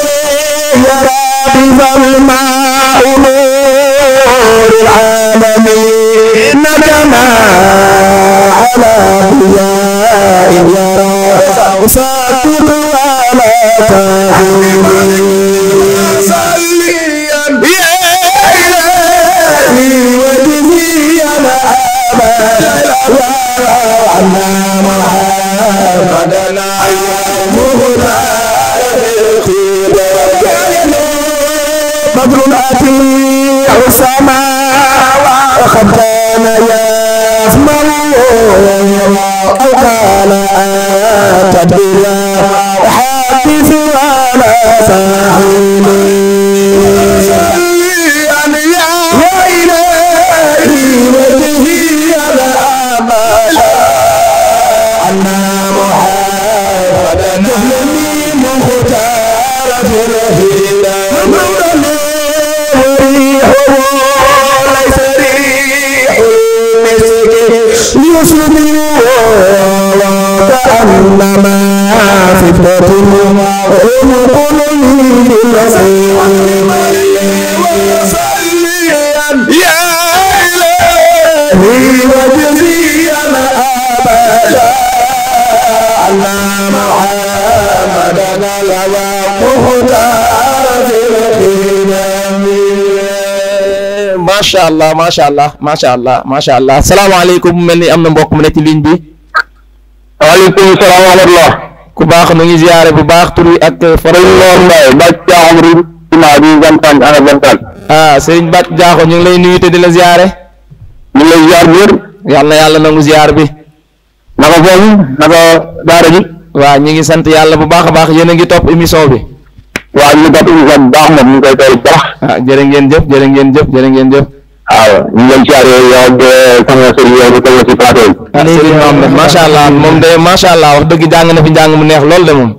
A: ربي فالماء نور العالمين كما على ضياء يرى ساكت على تحمل فتي أو سماوات وقد كان يسمع أو قال آتت بلا حادث ولا ساحر إنما فتنة وأمرني بالمسيح يا إلهي وجزيا أبدا على محمدنا
B: لوى مختار macha allah macha allah macha allah macha allah salaamaaleykum mu mel ni am na mbokk mu ne ci ligne bi maaleykum ku baax nu ngi ziare bu baax tur wi ak. faral di nuyu Mbaye Bac Diakhoum Rydhi. dinaa di gantaan ana ñu ngi lay nuyu te di la ziare. ñu ngi lay ziar biir. yàlla yàlla nangu ziar bi. naka foofu naka daara ji. waaw ñu ngi sant yàlla bu baax a baax yéen a ngi topp émission bi. waa ñu ngi baax moom ñu koy teel baax. ah jërë ngeen jëf jërë ngeen jëf jërë ngeen jëf. waaw ñu ngi leen siyaare yow ak eh, sama sëriñ yow di toll si plateau bi. léegi ah, moom macha allah moom de macha allah wax dëgg jàng na fi jàng mu neex lool de moom.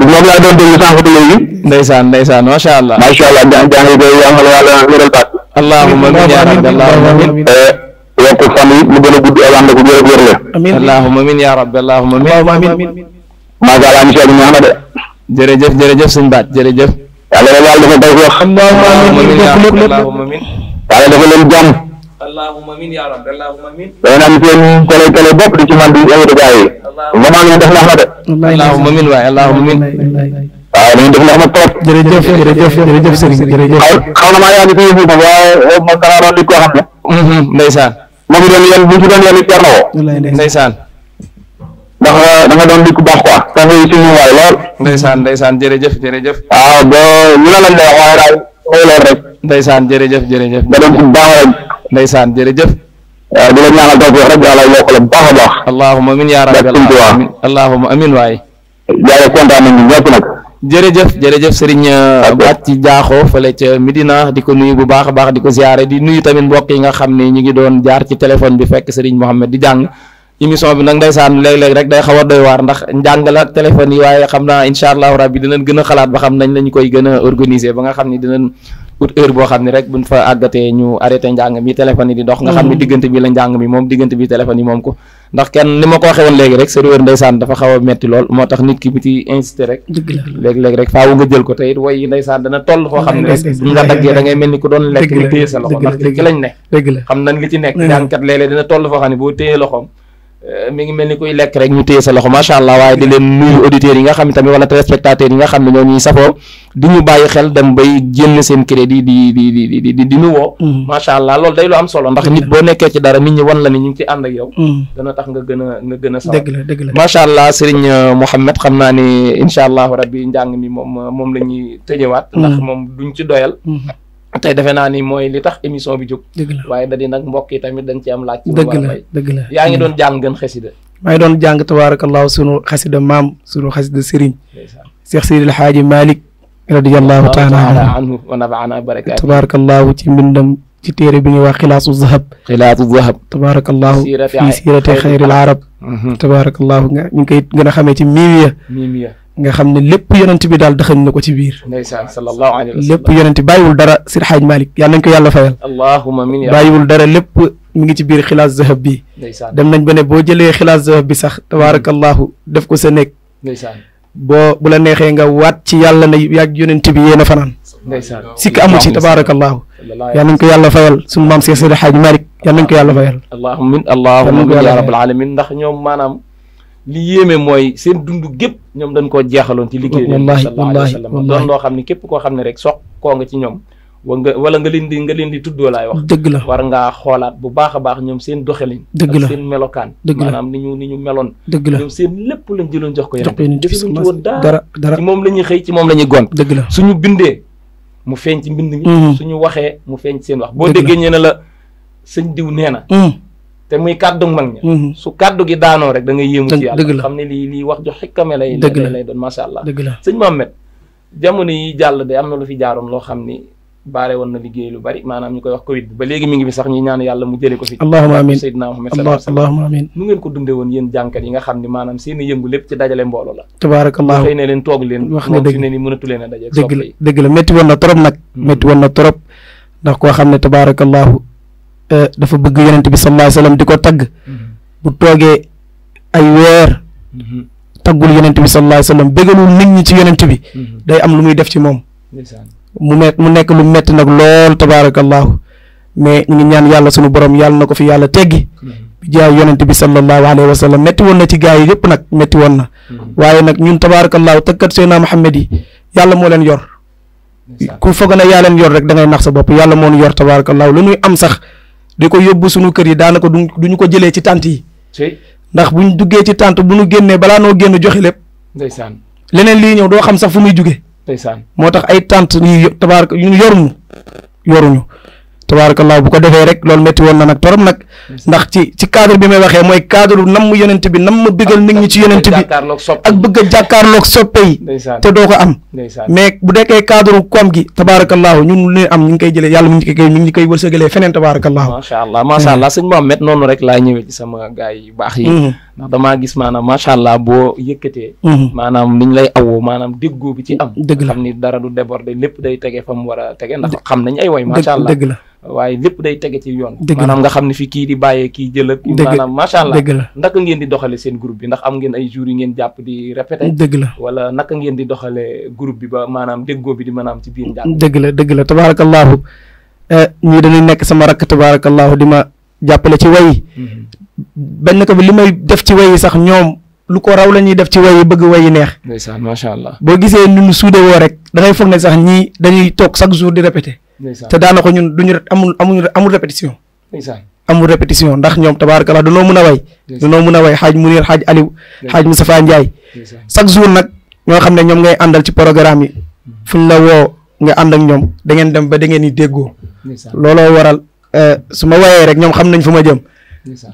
B: moom laa doon déglu sànq léegi. ndeysaan ndeysaan macha allah. macha allah jàng jàng koy yàlla yàlla wéral baat. allahumma amiin yaa rabbi allahumma amiin. Eh, yokk fan yi mu gën a gudd ak ànd ak wér wér la. amiin allahumma amiin yaa rabbi allahumma amiin.
C: macha allah monsieur Adama Amady. jërëjëf jërëjëf suñu baat jërëjëf. yàlla yàlla dafa
A: béy wax. allahumma amiin yàlla dafa leen jàmm allahumma amin ya rabbi allahumma amin day naan seen kale kale bopp di ci man di invité gars yi vraiment lu ñu def nax
C: na de allahumma amin waay allahumma amin waaw lu ñu na trop na maa yaa ngi fi moom waaye moom danaa mm-hmm, eh, da nga doon
B: dikku baax quoi da ngay suñu waay lool ndeysaan ndeysaan jërëjëf jërëjëf waaw boo ñu la lañ lay wax waaye mooy loolu rek. ndeysaan jërëjëf jërëjëf. nga doon ci baax ndeysaan jërëjëf. waaw di yàlla yokk la bu baax a baax. allahumma amiin yaa rabbi alamin allahumma waaye waay. yàlla kontaan nañu ñëpp nag. jërëjëf jërëjëf sëriñ Bathie Diakho fële ca Medina di ko nuyu bu baax a baax di ko ziare di nuyu tamit mbokk yi nga xam ne ñu ngi doon jaar ci téléphone bi fekk sëriñ Mohamed di jàng émission bi nag ndeysaan léeg-léeg rek day xaw a doy waar ndax njàng la téléphone yi waaye xam naa incha allahu rabbi dinañ gën a xalaat ba xam nañ a organiser ba nga xam ni dinañ ut boo xam ne rek buñ fa àggatee ñu arrêté njàng mi téléphone yi di dox nga xam mm. la njàng mi moom diggante bi téléphone yi moom ko ndax kenn ni ma a metti lool moo tax ki bu ci insisté rek ko te it way yi ndeysaan dana toll xam ne nga daggee ni ku doon lekk ni téye sa loxo ndax nañ li ci nekk mm. jàngkat léeg-léeg dina toll foo xam ne boo téye loxoom Euh, mi ngi mel ni kuy lekk rek ñu téye sa loxo macha allah waaye di leen nuyu auditeurs yi nga xam ne tamit wala téléspectateurs yi nga xam ne ñoo ñuy safoo di ñu bàyyi xel dem bay jënd seen crédit di di di di di di nu woo. macha mm. allah loolu day lu am solo ndax nit boo nekkee ci dara nit ñi wan la ni ñu ngi ci ànd ak yow. Mm. dana tax nga gën a nga gën a. dëgg la dëgg macha allah Serigne euh, Mohamed xam naa ni incha allah rabbi njàng mi moom moom la ñuy tëjewaat. Mm. ndax moom duñ ci doyal. tey defe naa ni mooy li tax émission bi jóg. dëgg waaye da di nag mbokk yi tamit dañ ci am laaj. dëgg la dëgg la yaa ngi mm. doon jàng ngeen xasida.
C: maa ngi doon jàng tabaarakallaahu sunu xasida maam sunu xasida sëriñ. Cheikh Seydil Haaji Malick. radiyallaahu taala
B: anhu wa nafaana barakaatu tabaarakallaahu
C: ci mbindam ci téere bi ñuy wax xilaasu zahab. xilaasu zahab. tabaarakallaahu fii siirati xayril arab. Mm-hmm. tabaarakallaahu nga ñu ngi koy a xamee ci miimiya. miimiya. nga xam ne lépp yonent bi daal dëxañ na ko ci biir.
B: ndeysaan sallallahu alayhi wa sallam lépp yonent bàyyiwul dara
C: Sir Xaaj Malik yàlla nañ ko yàlla fayal. allahumma bi. dem nañ ba ne boo jëlee xilaas zahab bi sax tabaarakallahu def ko sa nekk. boo bu la neexee nga waat ci yàlla na yàgg yonent bi yéen a fanaan.
B: ndeysaan sikk amu ci tabaarakallahu yàlla nañ ko yàlla fayal
C: suñu maam Seex Sir Xaaj Malik yàlla nañ ko yàlla fayal. ya rabbal
B: alamin ndax li yéeme mooy seen dund gépp ñoom dañ koo jeexaloon ci liggéey sallallahu alayhi wa sallam doon loo xam ne képp koo xam ne rek soq koo nga ci ñoom wa nga wala nga leen di nga leen di tuddoo laay wax dëgg la war ngaa xoolaat bu baax a baax ñoom seen doxalin dëgg la seen melokaan dëgg la maanaam ni ñu ni ñu meloon dëgg la ñoom seen lépp lañ jëloon jox ko yeneen defuñu ci woon dara dara ci moom la ñuy xëy ci moom la ñuy gont dëgg la suñu bindee mu feeñ ci mbind mi mm-hmm. suñu waxee mu feeñ ci seen wax boo déggee ñee ne la sëñ diw nee na mm. te muy kàddu mag ña mhm. su kàddu gi daanoo rek da ngay yéemu ci yàlla de am na lu fi jaaroon loo xam ni baare woon na liggéey lu bari maanaam ñu koy wax covid ba léegi mi ngi fi sax ñuy ñaan yàlla mu jëlee ko fi allahumma amiin ngeen ko dunde woon yéen jànkat yi nga xam ne maanaam seen yëngu lépp ci dajale mbooloo la tabaarakallah xëy na leen toog leen wax leen
C: a woon na trop nag métti hmm. woon na trop ndax koo xam ne tabaarakallahu Eh, dafa bëgg yonent bi sallallahu alayhi wasallam di ko tagg mm-hmm. bu toogee ay weer mm-hmm. taggul yonent bi sallallahu alayhi wasallam bégalul nit ñi ci yonent bi mm-hmm. day am lu muy def ci moom mu met mu nekk lu metti nag lool tabarakallahu mais ñu ngi ñaan yàlla sunu borom yàlla na ko fi yàlla teggi bi jaay yonent bi sallallahu wa na ci gaa yi yëpp nag métti woon na waaye nag ñun tabarakallahu tëkkat seena Muhammad yi yàlla moo leen yor ku foog ne yaa leen yor rek da ngay nax sa bopp yàlla moo ñu yor tabarakallahu lu ñuy am sax di ko yóbbu suñu kër yi daanaka du duñu ko jëlee ci tànt yi ndax bu buñ duggee ci tànt bu nu génnee balaa noo génn joxe lépp ndeysaan leneen lii ñëw doo xam sax fu muy jugee ndeysaan moo tax ay tànt yi tabaaraka ñu yoruñu yoruñu tabaarakallah bu ko defee rek loolu métti woon na nag torop nag ndax ci ci cadre bi may waxee mooy cadre nam mu bi nam ma bëggal nit ñi ci yonent bi ak bëgg a jàkkaarloog soppe yi te doo ko am mais bu dekkee cadre koom gi tabaarakallaahu ñun lu am ñu ngi koy jëlee yàlla mu ngi koy ñu ngi koy wërsëgalee feneen tabaarakallaahu macha allah macha allah mm-hmm. sëñ
B: Mohamed noonu rek laa ñëwee ci sama mm-hmm. maanaam macha mm-hmm. lay awoo maanaam déggoo bi ci am dëgg la ni dara du déborder lépp day tege fa mu war a tege ndax xam nañ ay woy macha allah dëgg la waaye lépp day tege ci yoon maanaam nga xam ni fi kii kii di bàyyee kii jël ak maanaam macha allah dëgg la naka ngeen di doxale seen groupe bi ndax am ngeen ay jours yi ngeen jàpp di répété dëgg la wala naka ngeen di doxale groupe bi ba maanaam déggoo bi di maanaam ci biir
C: njàng dëgg la dëgg la tabaarakallaahu eh, ñii dañuy nekk sama rakk tabaarakallaahu di ma jàppale ci way mm-hmm. benn ko bi li may def ci way sax ñoom lu ko raw la ñuy def ci way bëgg way neex.
B: ndeysaan macha allah.
C: boo gisee ñun suude woo rek da ngay foog ne sax ñii dañuy toog chaque jour di répété. te daanaka ñun duñu amul amul amul répétition. ndeysaan amul répétition ndax ñoom tabaarakallah danoo mën a way danoo mën a way xaaj Munir xaaj Aliou xaaj Moustapha Ndiaye chaque jour nag ñoo xam ne ñoom ngay àndal ci programme yi mm-hmm. fuñ la woo nga ànd ak ñoom dangeen ngeen dem ba da ngeen di déggoo looloo waral euh, su ma wayee rek ñoom xam nañ fu ma jëm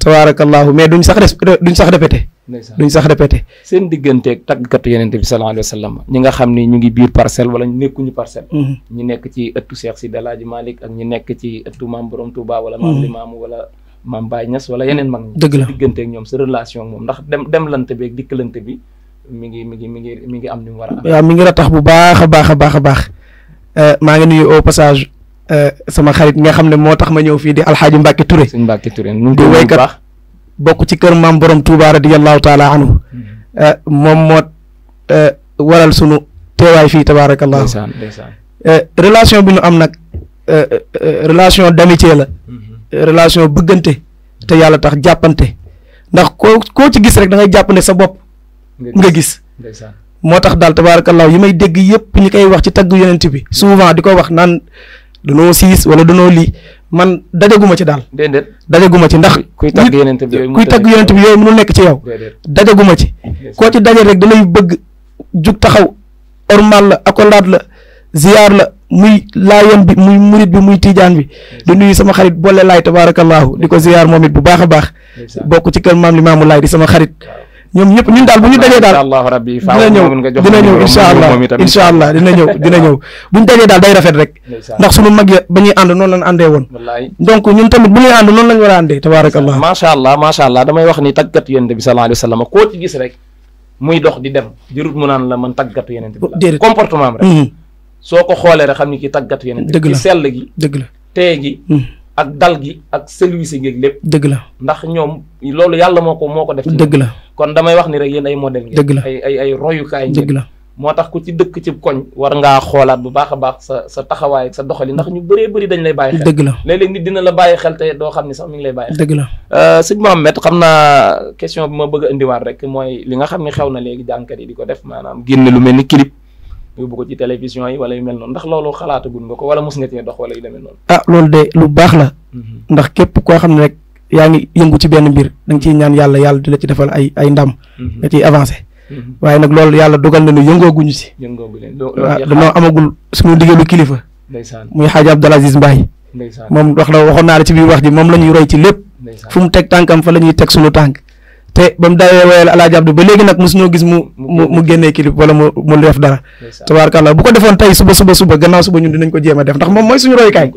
C: tabaarakallahu mais duñ sax duñ sax répété duñ sax répété
B: seen digganteeg tàggkatu yenente bi sallallahu alayhi wa sallam ñi nga xam ni ñu ngi biir parcelle wala nekkuñu parcelle mm-hmm. ñi nekk ci ëttu Cheikh Sidi El Hadji Malick ak ñi nekk ci ëttu maam Borom Touba wala maam mm-hmm. Limaamu wala maam Baye Niass wala yeneen mag ñi dëgg la digganteeg ñoom sa relation moom ndax dem dem lante beeg dikkalante bi mi ngi mi ngi mi ngi mi ngi am ni mu war a am
C: waaw mi ngi tax bu baax a baax a baax a baax euh, maa ngi nuyu au passage euh, sama xarit nga xam ne tax ma ñëw fii di Alxaaji Mbàkke Touré Mbàkke Touré ñu ngi koy wéykat bokk ci kër maam borom Touba radiyallahu taala anhu mm-hmm. eh, moom moo eh, waral sunu teewaay fii tabaarakallah eh, relation bi ñu am nag relation d'amitié la mm-hmm. relation bëggante te yàlla tax jàppante ndax koo koo ci gis rek da ngay jàpp ne sa bopp nga gis moo tax daal tabaarakallah yi may dégg yëpp ñi koy wax ci tagg yonent bi souvent di ko wax naan danoo siis wala danoo lii man dajaguma ci daal. déedéet dajaguma ci ndax. kuy tagg yonent bi yooyu kuy nekk ci yow. dajaguma ci. koo ci daje rek dalay bëgg jug taxaw ormal la accolade la ziyaar la muy laayoon bi muy murit bi muy tiijaan bi. di nuyu sama xarit boole laay tabaarakallaahu di ko ziyaar moom it bu baax a baax. bokk ci kër maam li maamu laay di sama xarit. ñoom ñëpp ñun daal bu ñu dajee daal dina ñëw dina ñëw incha allah incha allah dina ñëw dina ñëw bu ñu dajee daal day rafet rek ndax sunu mag ya ba ñuy ànd noonu lañ àndee woon donc ñun tamit bu ñuy ànd noonu lañ war a àndee
B: tabaarakallah macha damay wax ni tàggat yonent bi sallallahu alayhi wa sallam koo ci gis rek muy dox di dem jërut mu naan la man tàggatu yonent bi comportement am rek mm-hmm. soo ko xoolee rek xam ni ki tàggatu yonent bi dëgg la gi dëgg la ak dal gi ak service gi ak lépp. dëgg la ndax ñoom loolu yàlla moo ko moo ko def. dëgg la kon damay wax ni rek yéen ay modèle ngeen. dëgg la ay ay ay royukaay ngeen. la moo tax ku ci dëkk ci koñ. war ngaa xoolaat bu baax a baax sa sa taxawaay sa doxali ndax ñu bëree bëri dañ lay bàyyi dëgg la léeg-léeg nit dina la bàyyi xel te doo xam ni sax mi ngi lay bàyyi xel. dëgg la euh, sëñ Mohamed xam naa question bi ma bëgg a rek mooy li nga xam ni xew na léegi jànkat yi di ko def maanaam génne lu mel ni clip yóbbu ko ci télévision yi wala yu mel noonu ndax loolu xalaatagul
C: ah, de lu baax la. Mhm. ndax képp koo xam ne rek yaa ngi yëngu ci benn mbir da nga ciy ñaan yàlla yàlla di la ci defal ay ay ndam. Mhm. nga ciy avancé. Mhm. waaye nag loolu yàlla dogal na ne yëngooguñu si. yëngoogu leen waaw ah, dañoo amagul suñu liggéeyu kilifa. ndeysaan muy xaaja Abdou Aziz Mbaye. ndeysaan moom wax la waxoon naa la ci biir wax ji moom la ñuy roy ci lépp. fu mu teg tànkam fa la ñuy teg suñu tànk te ba mu daawee woyal Alaaji Abdu ba léegi nag mosuñoo gis mu mu mu génnee clip wala mu mu def dara tabaarkalla bu ko defoon tey suba suba suba gannaaw suba ñun dinañ ko jéem a def ndax moom mooy suñu royukaay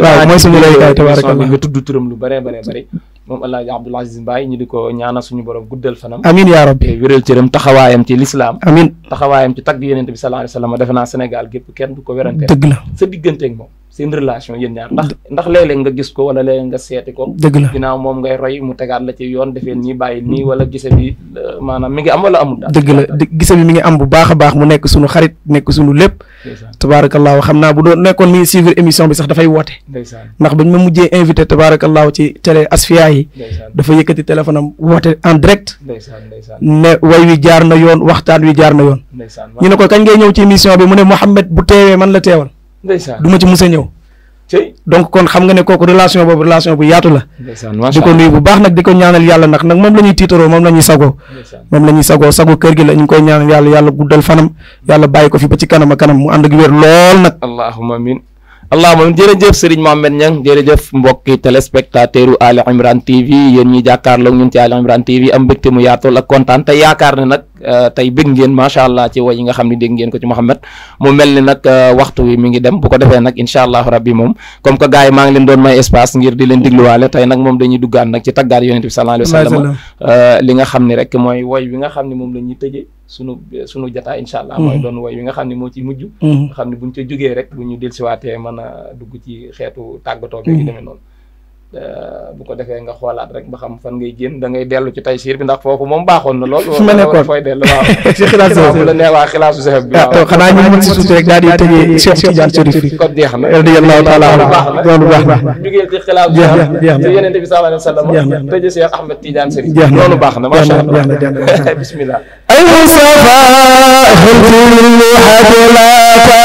C: waaw mooy lu
B: bare bare bare moom Alaaji Abdul Aziz Mbaye ñu di ko ñaanal suñu borom guddal fanam amiin yaa rabbi wéral taxawaayam ci lislaam amiin taxawaayam ci tagg yonent bi sallallahu alayhi wa sallam defe naa kenn du ko werante dëgg la sa digganteeg moom seen relation yéen ñaar ndax ndax léeg nga gis ko wala léeg-léeg nga seeti ko dëgg la ginnaaw moom ngay roy mu tegaat la ci yoon defee nii bàyyi nii wala gise bi euh, maanaam mi ngi am wala amul dëgg la
C: gise bi mi ngi am bu baax baax mu nekk suñu xarit nekk suñu lépp tabaarakallaahu xam naa bu doon nekkoon mi suivre émission bi sax dafay woote ndax bañ ma mujjee invité tabaarakallaahu ci télé asfiya yi dafa yëkkati téléphone am woote en direct ne way wi jaar na yoon waxtaan wi jaar na yoon ñu ne ko kañ ngay ñëw ci émission bi mu ne Mouhamed bu teewee man la teewal ndeysaan du ma ci mus ñëw. donc kon xam nga ne kooku relation boobu relation bu yaatu la. di ko nuyu bu baax nag di ko ñaanal yàlla ndax nag moom la ñuy tiitaroo moom la ñuy sagoo. moom la ñuy sagoo sago kër gi la ñu ngi koy ñaanal yàlla yàlla guddal fanam yàlla bàyyi ko fi ba ci kanam a kanam mu ànd ak wér lool nag.
B: allahumma amiin allahuma jërëjëf Serigne Mohamed Niang jërëjëf mbokki téléspectateur u Ali Imran TV yéen ñi jàkkaarloog ñun ci Ali Imran TV am mbégte mu yaatool ak kontaan te yaakaar ne nag euh, tey bég ngeen macha allah ci way yi nga xam ne dégg ngeen ko ci Mohamed mu mel ni nag euh, waxtu wi mi ngi dem bu ko defee nag incha allah rabbi moom comme que gars yi ngi leen doon may espace ngir di leen digluwaale tey nag moom dañuy duggaan nag ci taggaat yonent bi sallallahu alayhi wa sallam euh, xam ne rek mooy woy bi nga xam ne moom la ñuy tëjee sunu eh, sunu jataa incha allah. Mm-hmm. mooy doon woy wi nga xam ne moo ciy mujj. Mm-hmm. nga xam ne bu buñ ca jógee rek bu ñu dellusiwaatee mën a dugg ci xeetu tàggatoo bi mm-hmm. demee noonu. Euh, bu ko defee nga xoolaat rek ba xam fan ngay génn da ngay dellu ci taysiir bi ndax foofu moom baaxoon na lool. fi ma nekkoon fooy dellu waaw. ci xilaasu sëf la ne waa xilaasu sëf bi. waaw xanaa ñu mën si suuf rek daal di tëjee Cheikh Tidiane Chérif. kon jeex na radiyallahu taala loolu baax na jugee ci xilaasu jeex na jeex na ci yeneen bi sallallahu alayhi wa sallam tëjee Cheikh Ahmed Tidiane jeex na loolu allah jeex na jeex na bismillah. ay Mustafa xultul hadilata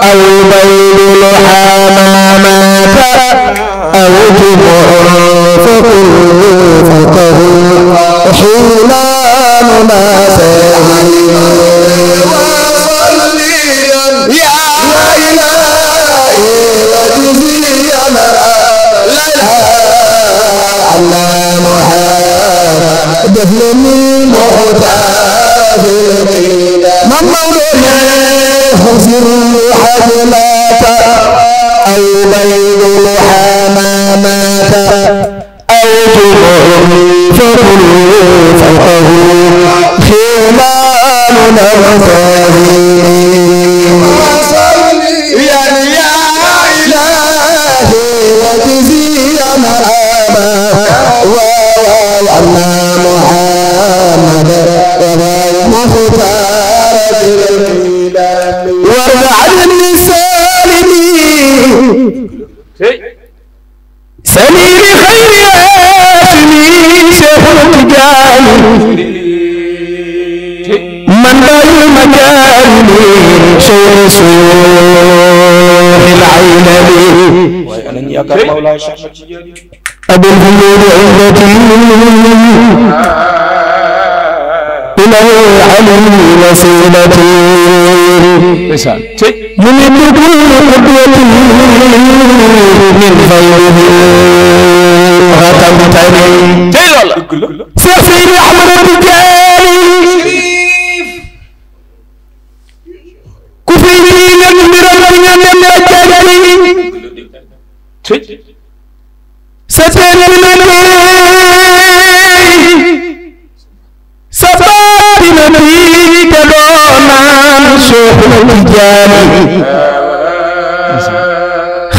B: aw baylul hamamata أو جمع فقل فقه حين نناسيه
A: وصليا يا إلهي وجزيا على محمد ابن المعتاد من مولاه طيب فكلوا فوقه خلال الأمطار سليم خير من ذا المكان شيخ سيوح العينبي أبو الهنود عزتي إلى العلي وسيلتي من بدون قدوة من غيره ختمتني loola. Cheikh Seydi Ahmad Tijaani ku fi indi leen mbiram bi nga dem la jaajëf sa téere bi na nuy sa baat na nuy te doo naan Cheikh Tijaani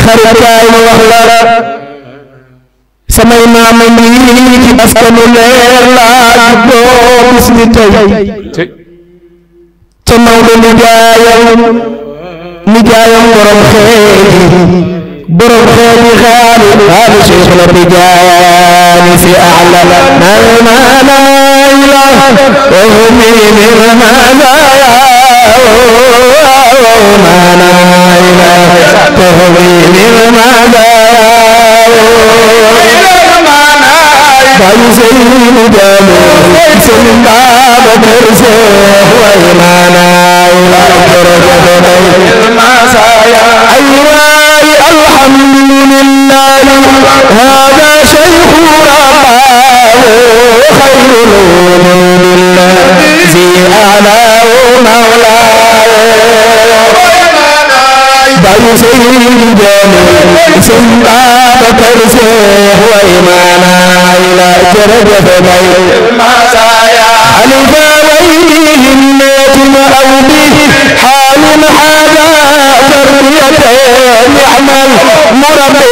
A: xarit kaay ma wax la samay maama yi ci askanu leer laa juddoo bis ni tey te Maodo nijaayam nijaayam borom xeeti borom xeeti xaali xaali Cheikh la tijaani fi a'la man ma laa wa hum min ma laa ma laa ilaaha wa hum ma laa فيزيد ليس من باب ترزه وإيمانا إلى الدرجة المسايا أيوة الحمد لله هذا شيخنا خير الأمور الذي أعلاه مولاي bayu sëriñ jooni sëñ Babacar Seex way maana ila jërëjëf bay alifa way himmatin aw bihi xaalun xaala tarbiyatan nicmal murabbi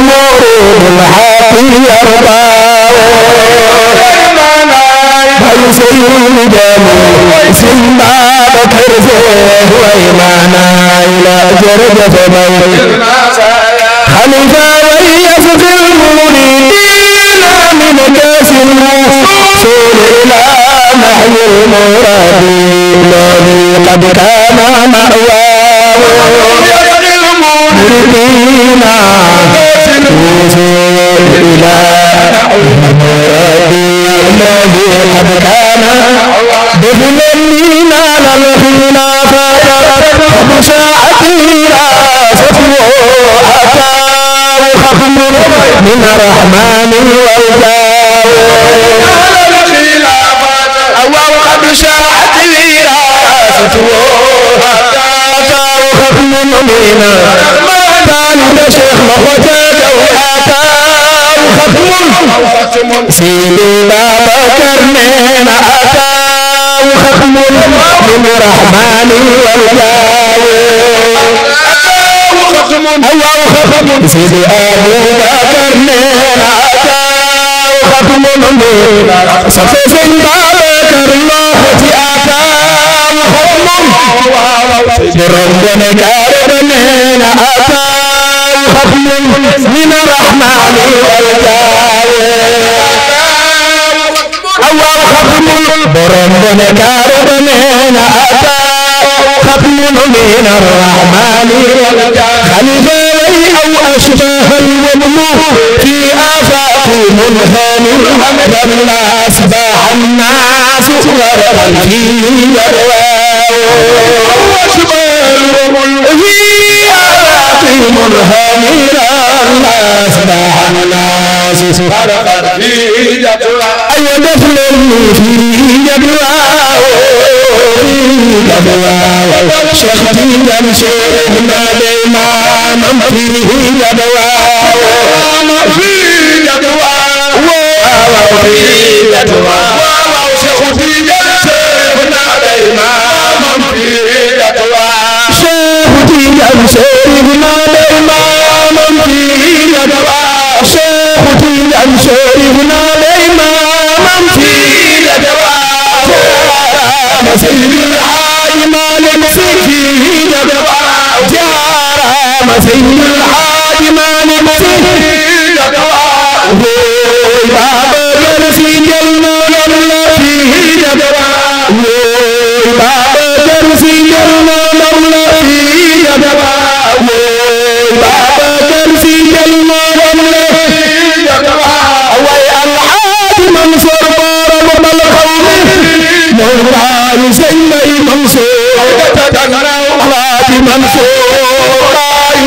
A: muridul xaqi yarda جميل سن بابكر زيه وإيمانا إلى جرجة ميل خليفة ويسق المريدين من كاسم سول إلى محي المرادين الذي قد كان مأواه المريدين وصول إلى محي الذي قد كان دفنا لنا للخنا فقد ساعته راسته أتاه خبر من رحمن والدار أو قد ساعته راسته أتاه خبر من رحمن والدار شيخ مخوتاته أتاه ختم سيدي بابكر من أتاه ختم من رحمن والجاوي الله ختم سيدي أبو بكر من أتاه ختم من صفوف بابكر الله أتاه ختم سيدي ربنا كرم من أتاه فضل من الرحمن أول خبر برم بنكار بنين أتى خبر من الرحمن خليفة أو أشباه الوضوء في آفاق منهمر لما أصبح الناس غرقا في الرواو أشباه الوضوء عظيم هنيئا ما أصبح الناس صدقت فيه جدوى أي دخل فيه جدوى جدوى شختي جمشير ما ديمان فيه جدوى فيه جدوى وفيه جدوى شختي جمشير ما ديمان فيه جدوى شختي جمشير شريفنا الإمام في الجواب سيدنا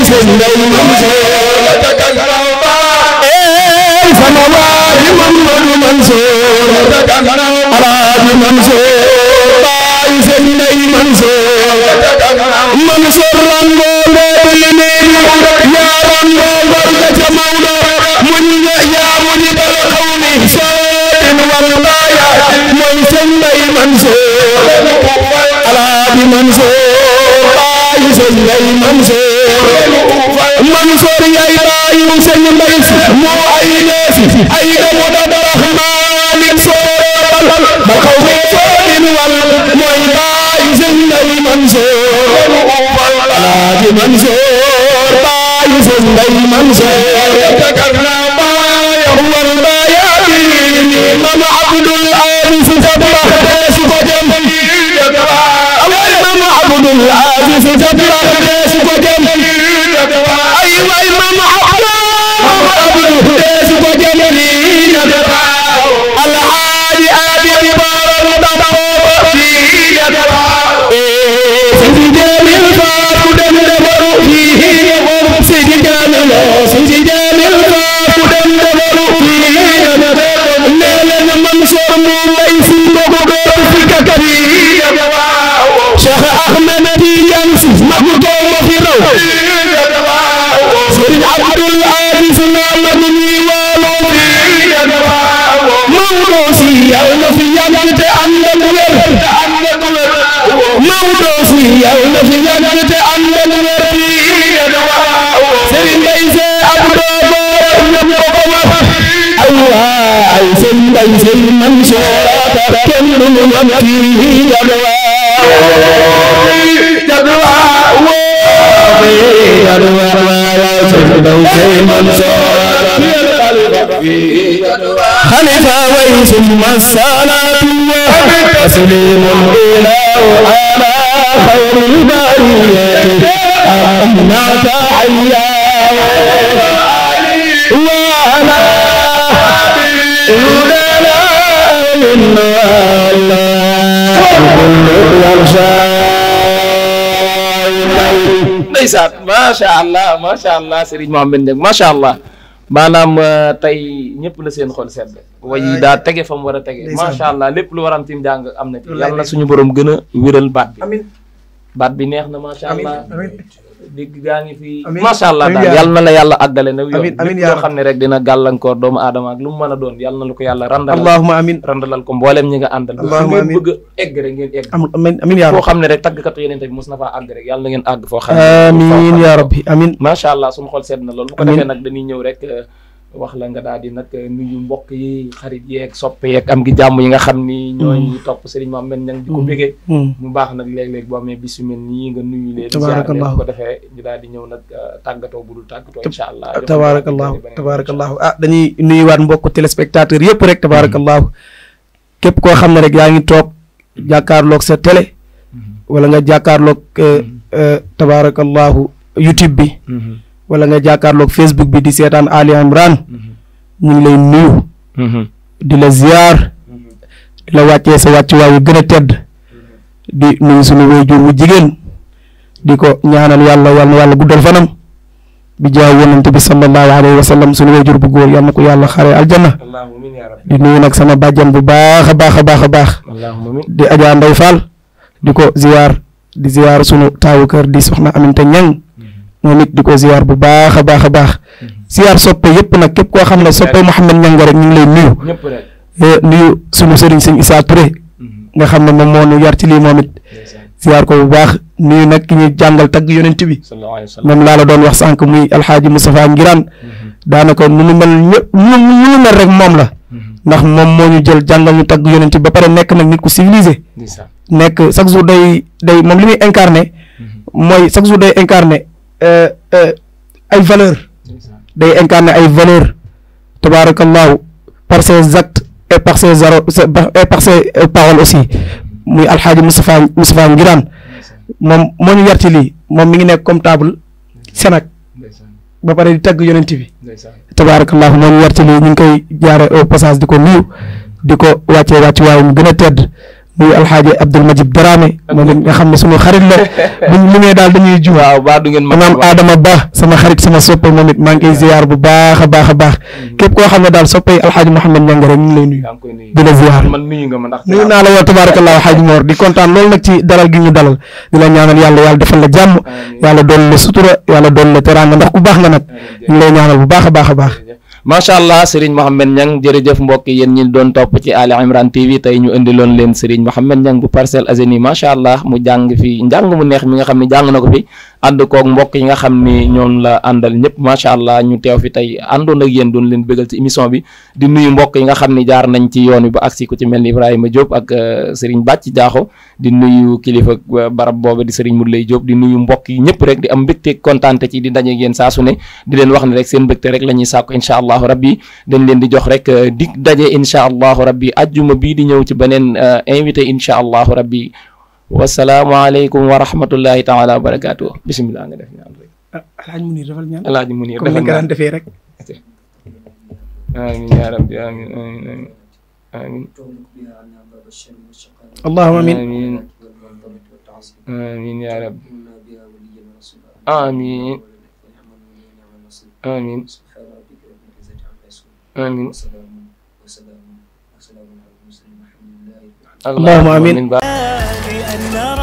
A: sëñ Ndeye Mansour. ey sama waa ji Mamadou Mansour. Alaaji Mansour. baay sëñ Ndeye Mansour. Mansour rango ndee li nii. yaa rango barka ca Maodo. muñ nga yaa muñ bal xaw mi. sëñ Wallaaya. mooy sëñ Ndeye Mansour. Alaaji Mansour. sëñ Mbay Mansoor Mansoor yaay baayu sëñ Mbay moo ay neef ay dama dama rahmaani sooral ba xaw ma soorin wal mooy baayu sëñ Mbay Mansoor Alaaji Mansoor baayu sëñ Mbay Mansoor منصورا كل من فيه جدوى جدوى جدوى يا سيدي منصورا فيه جدوى خلفا ويسم الصلاة وسليم الإله على خير البرية أمنا تحيا وأنا ndeysaan macha
B: allah macha allah Serigne Mohamed Ndiaye macha allah maanaam euh, tey ñëpp la seen xol sedd way daa tege fa mu war a tege macha allah lépp lu waram tim jàng am na ci yàlla suñu borom gën a wéral baat bi baat bi neex na macha allah dégg gaa ngi fi. macha allah daal la na la yàlla àggale na. amiin amiin xam ne rek dina gàllankoor doomu adama ak lu doon yal na lu ko yàlla. randalal allahumma amiin randalal ko mboolem ñi nga àndal. allahumma amiin
C: egg rek ngeen egg. amiin xam ne rek tàggkatu yeneen
B: tamit mos na faa àgg rek yal ngeen àgg. foo xam ne
C: amiin yaa rabbi amiin
B: macha allah suñu xol seet na loolu. bu ko defee nag dañuy ñëw rek euh, wax la nga daal di nag nuyu mbokk yi xarit yeek sopp yeeg am gi jàmm yi nga xam ni. ñooy mm. topp Serigne Mame Mène Niang di ko mm. bégee. Mm. mu baax nag léeg-léeg boo amee bis yu mel nii nga nuyu leen. tabaarakallah ko defee ñu daal di ñëw nag euh, tàggatoo bu dul tàggatoo incha allah. tabaarakallah
C: tabaarakallah ah dañuy nuyuwaat mbokk téléspectateur yëpp rek tabaarakallah képp koo xam ne rek yaa ngi toog jàkkaarloog sa télé. Mm-hmm. wala nga jàkkaarloog euh, mm-hmm. euh, tabaarakallahu YouTube bi. Mm-hmm. wala nga jàkkaarloog Facebook bi di seetaan Ali Imran ñu ngi lay nuyu. Mm-hmm. di la ziyaar di la wàccee sa wàccuwaay yu gën a tedd di nuyu suñu waajur wu jigéen di ko ñaanal yàlla yàlla na yàlla guddal fanam bi jaay yonent bi sallallahu alayhi wa sallam suñu waajur bu góor yal ko yàlla xare aljanna di nuyu nag sama bàjjan bu baax a baax a baax a baax di Adja Ndeye Fall di ko ziyaar di ziyaar sunu taawu kër di soxna Aminta Ñang moom it di ko ziyaar bu baax a baax a baax mm-hmm. ziyaar soppe yëpp nag képp koo xam ne soppe Mouhamed Niang nga rek ñu ngi lay nuyu eh, nuyu sunu sëriñ sëñ Issa Touré mm-hmm. nga xam ne moom moo nu yar ci lii moom it ziyaar ko bu baax nuyu nag ki ñuy jàngal tagg yonent bi moom laa la doon wax sànq muy alxaaji Moustapha Ngiraan mm-hmm. daanaka nu nu mel ñëpp nu nu mel rek moom la ndax moom moo ñu jël jàngal ñu tagg yonent ba pare nekk nag nit ku civilisé nekk chaque jour day moom li muy incarné mooy chaque jour day incarné Euh, euh, ay valeurs day incarner ay valeurs tabaarakallaahu par ses actes et par ses et par ses euh, paroles aussi muy alxaaji Moustapha Moustapha Ngiraan moom moo ñu lii moom mi ngi nekk comptable Sénac ba pare di tagg yonent bi tabaarakallaahu moo ñu yarti lii ñu ngi koy jaare au passage di ko nuyu di ko wàccee wàcc waaye gën a tedd muy alxaaji Abdul Majid Dramé moom it nga xam ne sunu xarit la buñ mu nee daal dañuy jiw waaw baax du ngeen ma maanaam Adama Ba sama xarit sama soppe moom it maa ngi koy ziar bu baax a baax a baax mm-hmm. képp koo xam ne daal soppe alxaaji Mouhamed Niangara ñu ngi lay nuyu di la ziar
B: nuyu naa la waa tabarakallah alxaaji
C: Mor di kontaan loolu nag ci dalal gi ñu dalal di la ñaanal yàlla yàlla defal la jàmm yàlla doon la sutura yàlla doon la teraanga ndax ku baax nga nag ñu ngi lay bu baax a baax a baax
B: macha allah Serigne Mohamed Niang jërëjëf mbokk yéen ñi doon topp ci Ali Imran TV tey ñu indiloon leen Serigne Mohamed Niang bu Parcelles Assainies macha allah mu jàng fi njàng mu neex mi nga xam ne jàng na ko fi ànd koog mbokk yi nga xam ni ñoom la àndal ñëpp macha allah ñu teew fi tey àndoon ak yéen doon leen bëggal ci émission bi di nuyu mbokk yi nga xam ni jaar nañ ci yoon wi ba agsi ku ci mel ni Ibrahima Diop ak euh, Serigne Bàcc Jaaxo di nuyu kilifa euh, barab booba di Serigne lay Diop di nuyu mbokk yi ñëpp rek di am mbégte kontaante ci di daje ak saasu ne di leen wax ne rek seen mbégte rek la ñuy sàkku incha allahu rabbi dañ leen di jox rek euh, dig daje incha allahu rabbi ajjuma bii di ñëw ci beneen invité incha allahu rabbi wasalaamualeykum wa rahmatullahi taala wa barakaatu bisimilah nga def ñaan rek. ah Alaaji
C: Munir defal ñaan. Alaaji Munir defal ñaan comme ni nga daan defee rek.
B: amiin yaa rabbi amiin amiin amiin. allahumma amiin amiin yaa rabbi. amiin amiin amiin.
A: allahumma amiin. enough.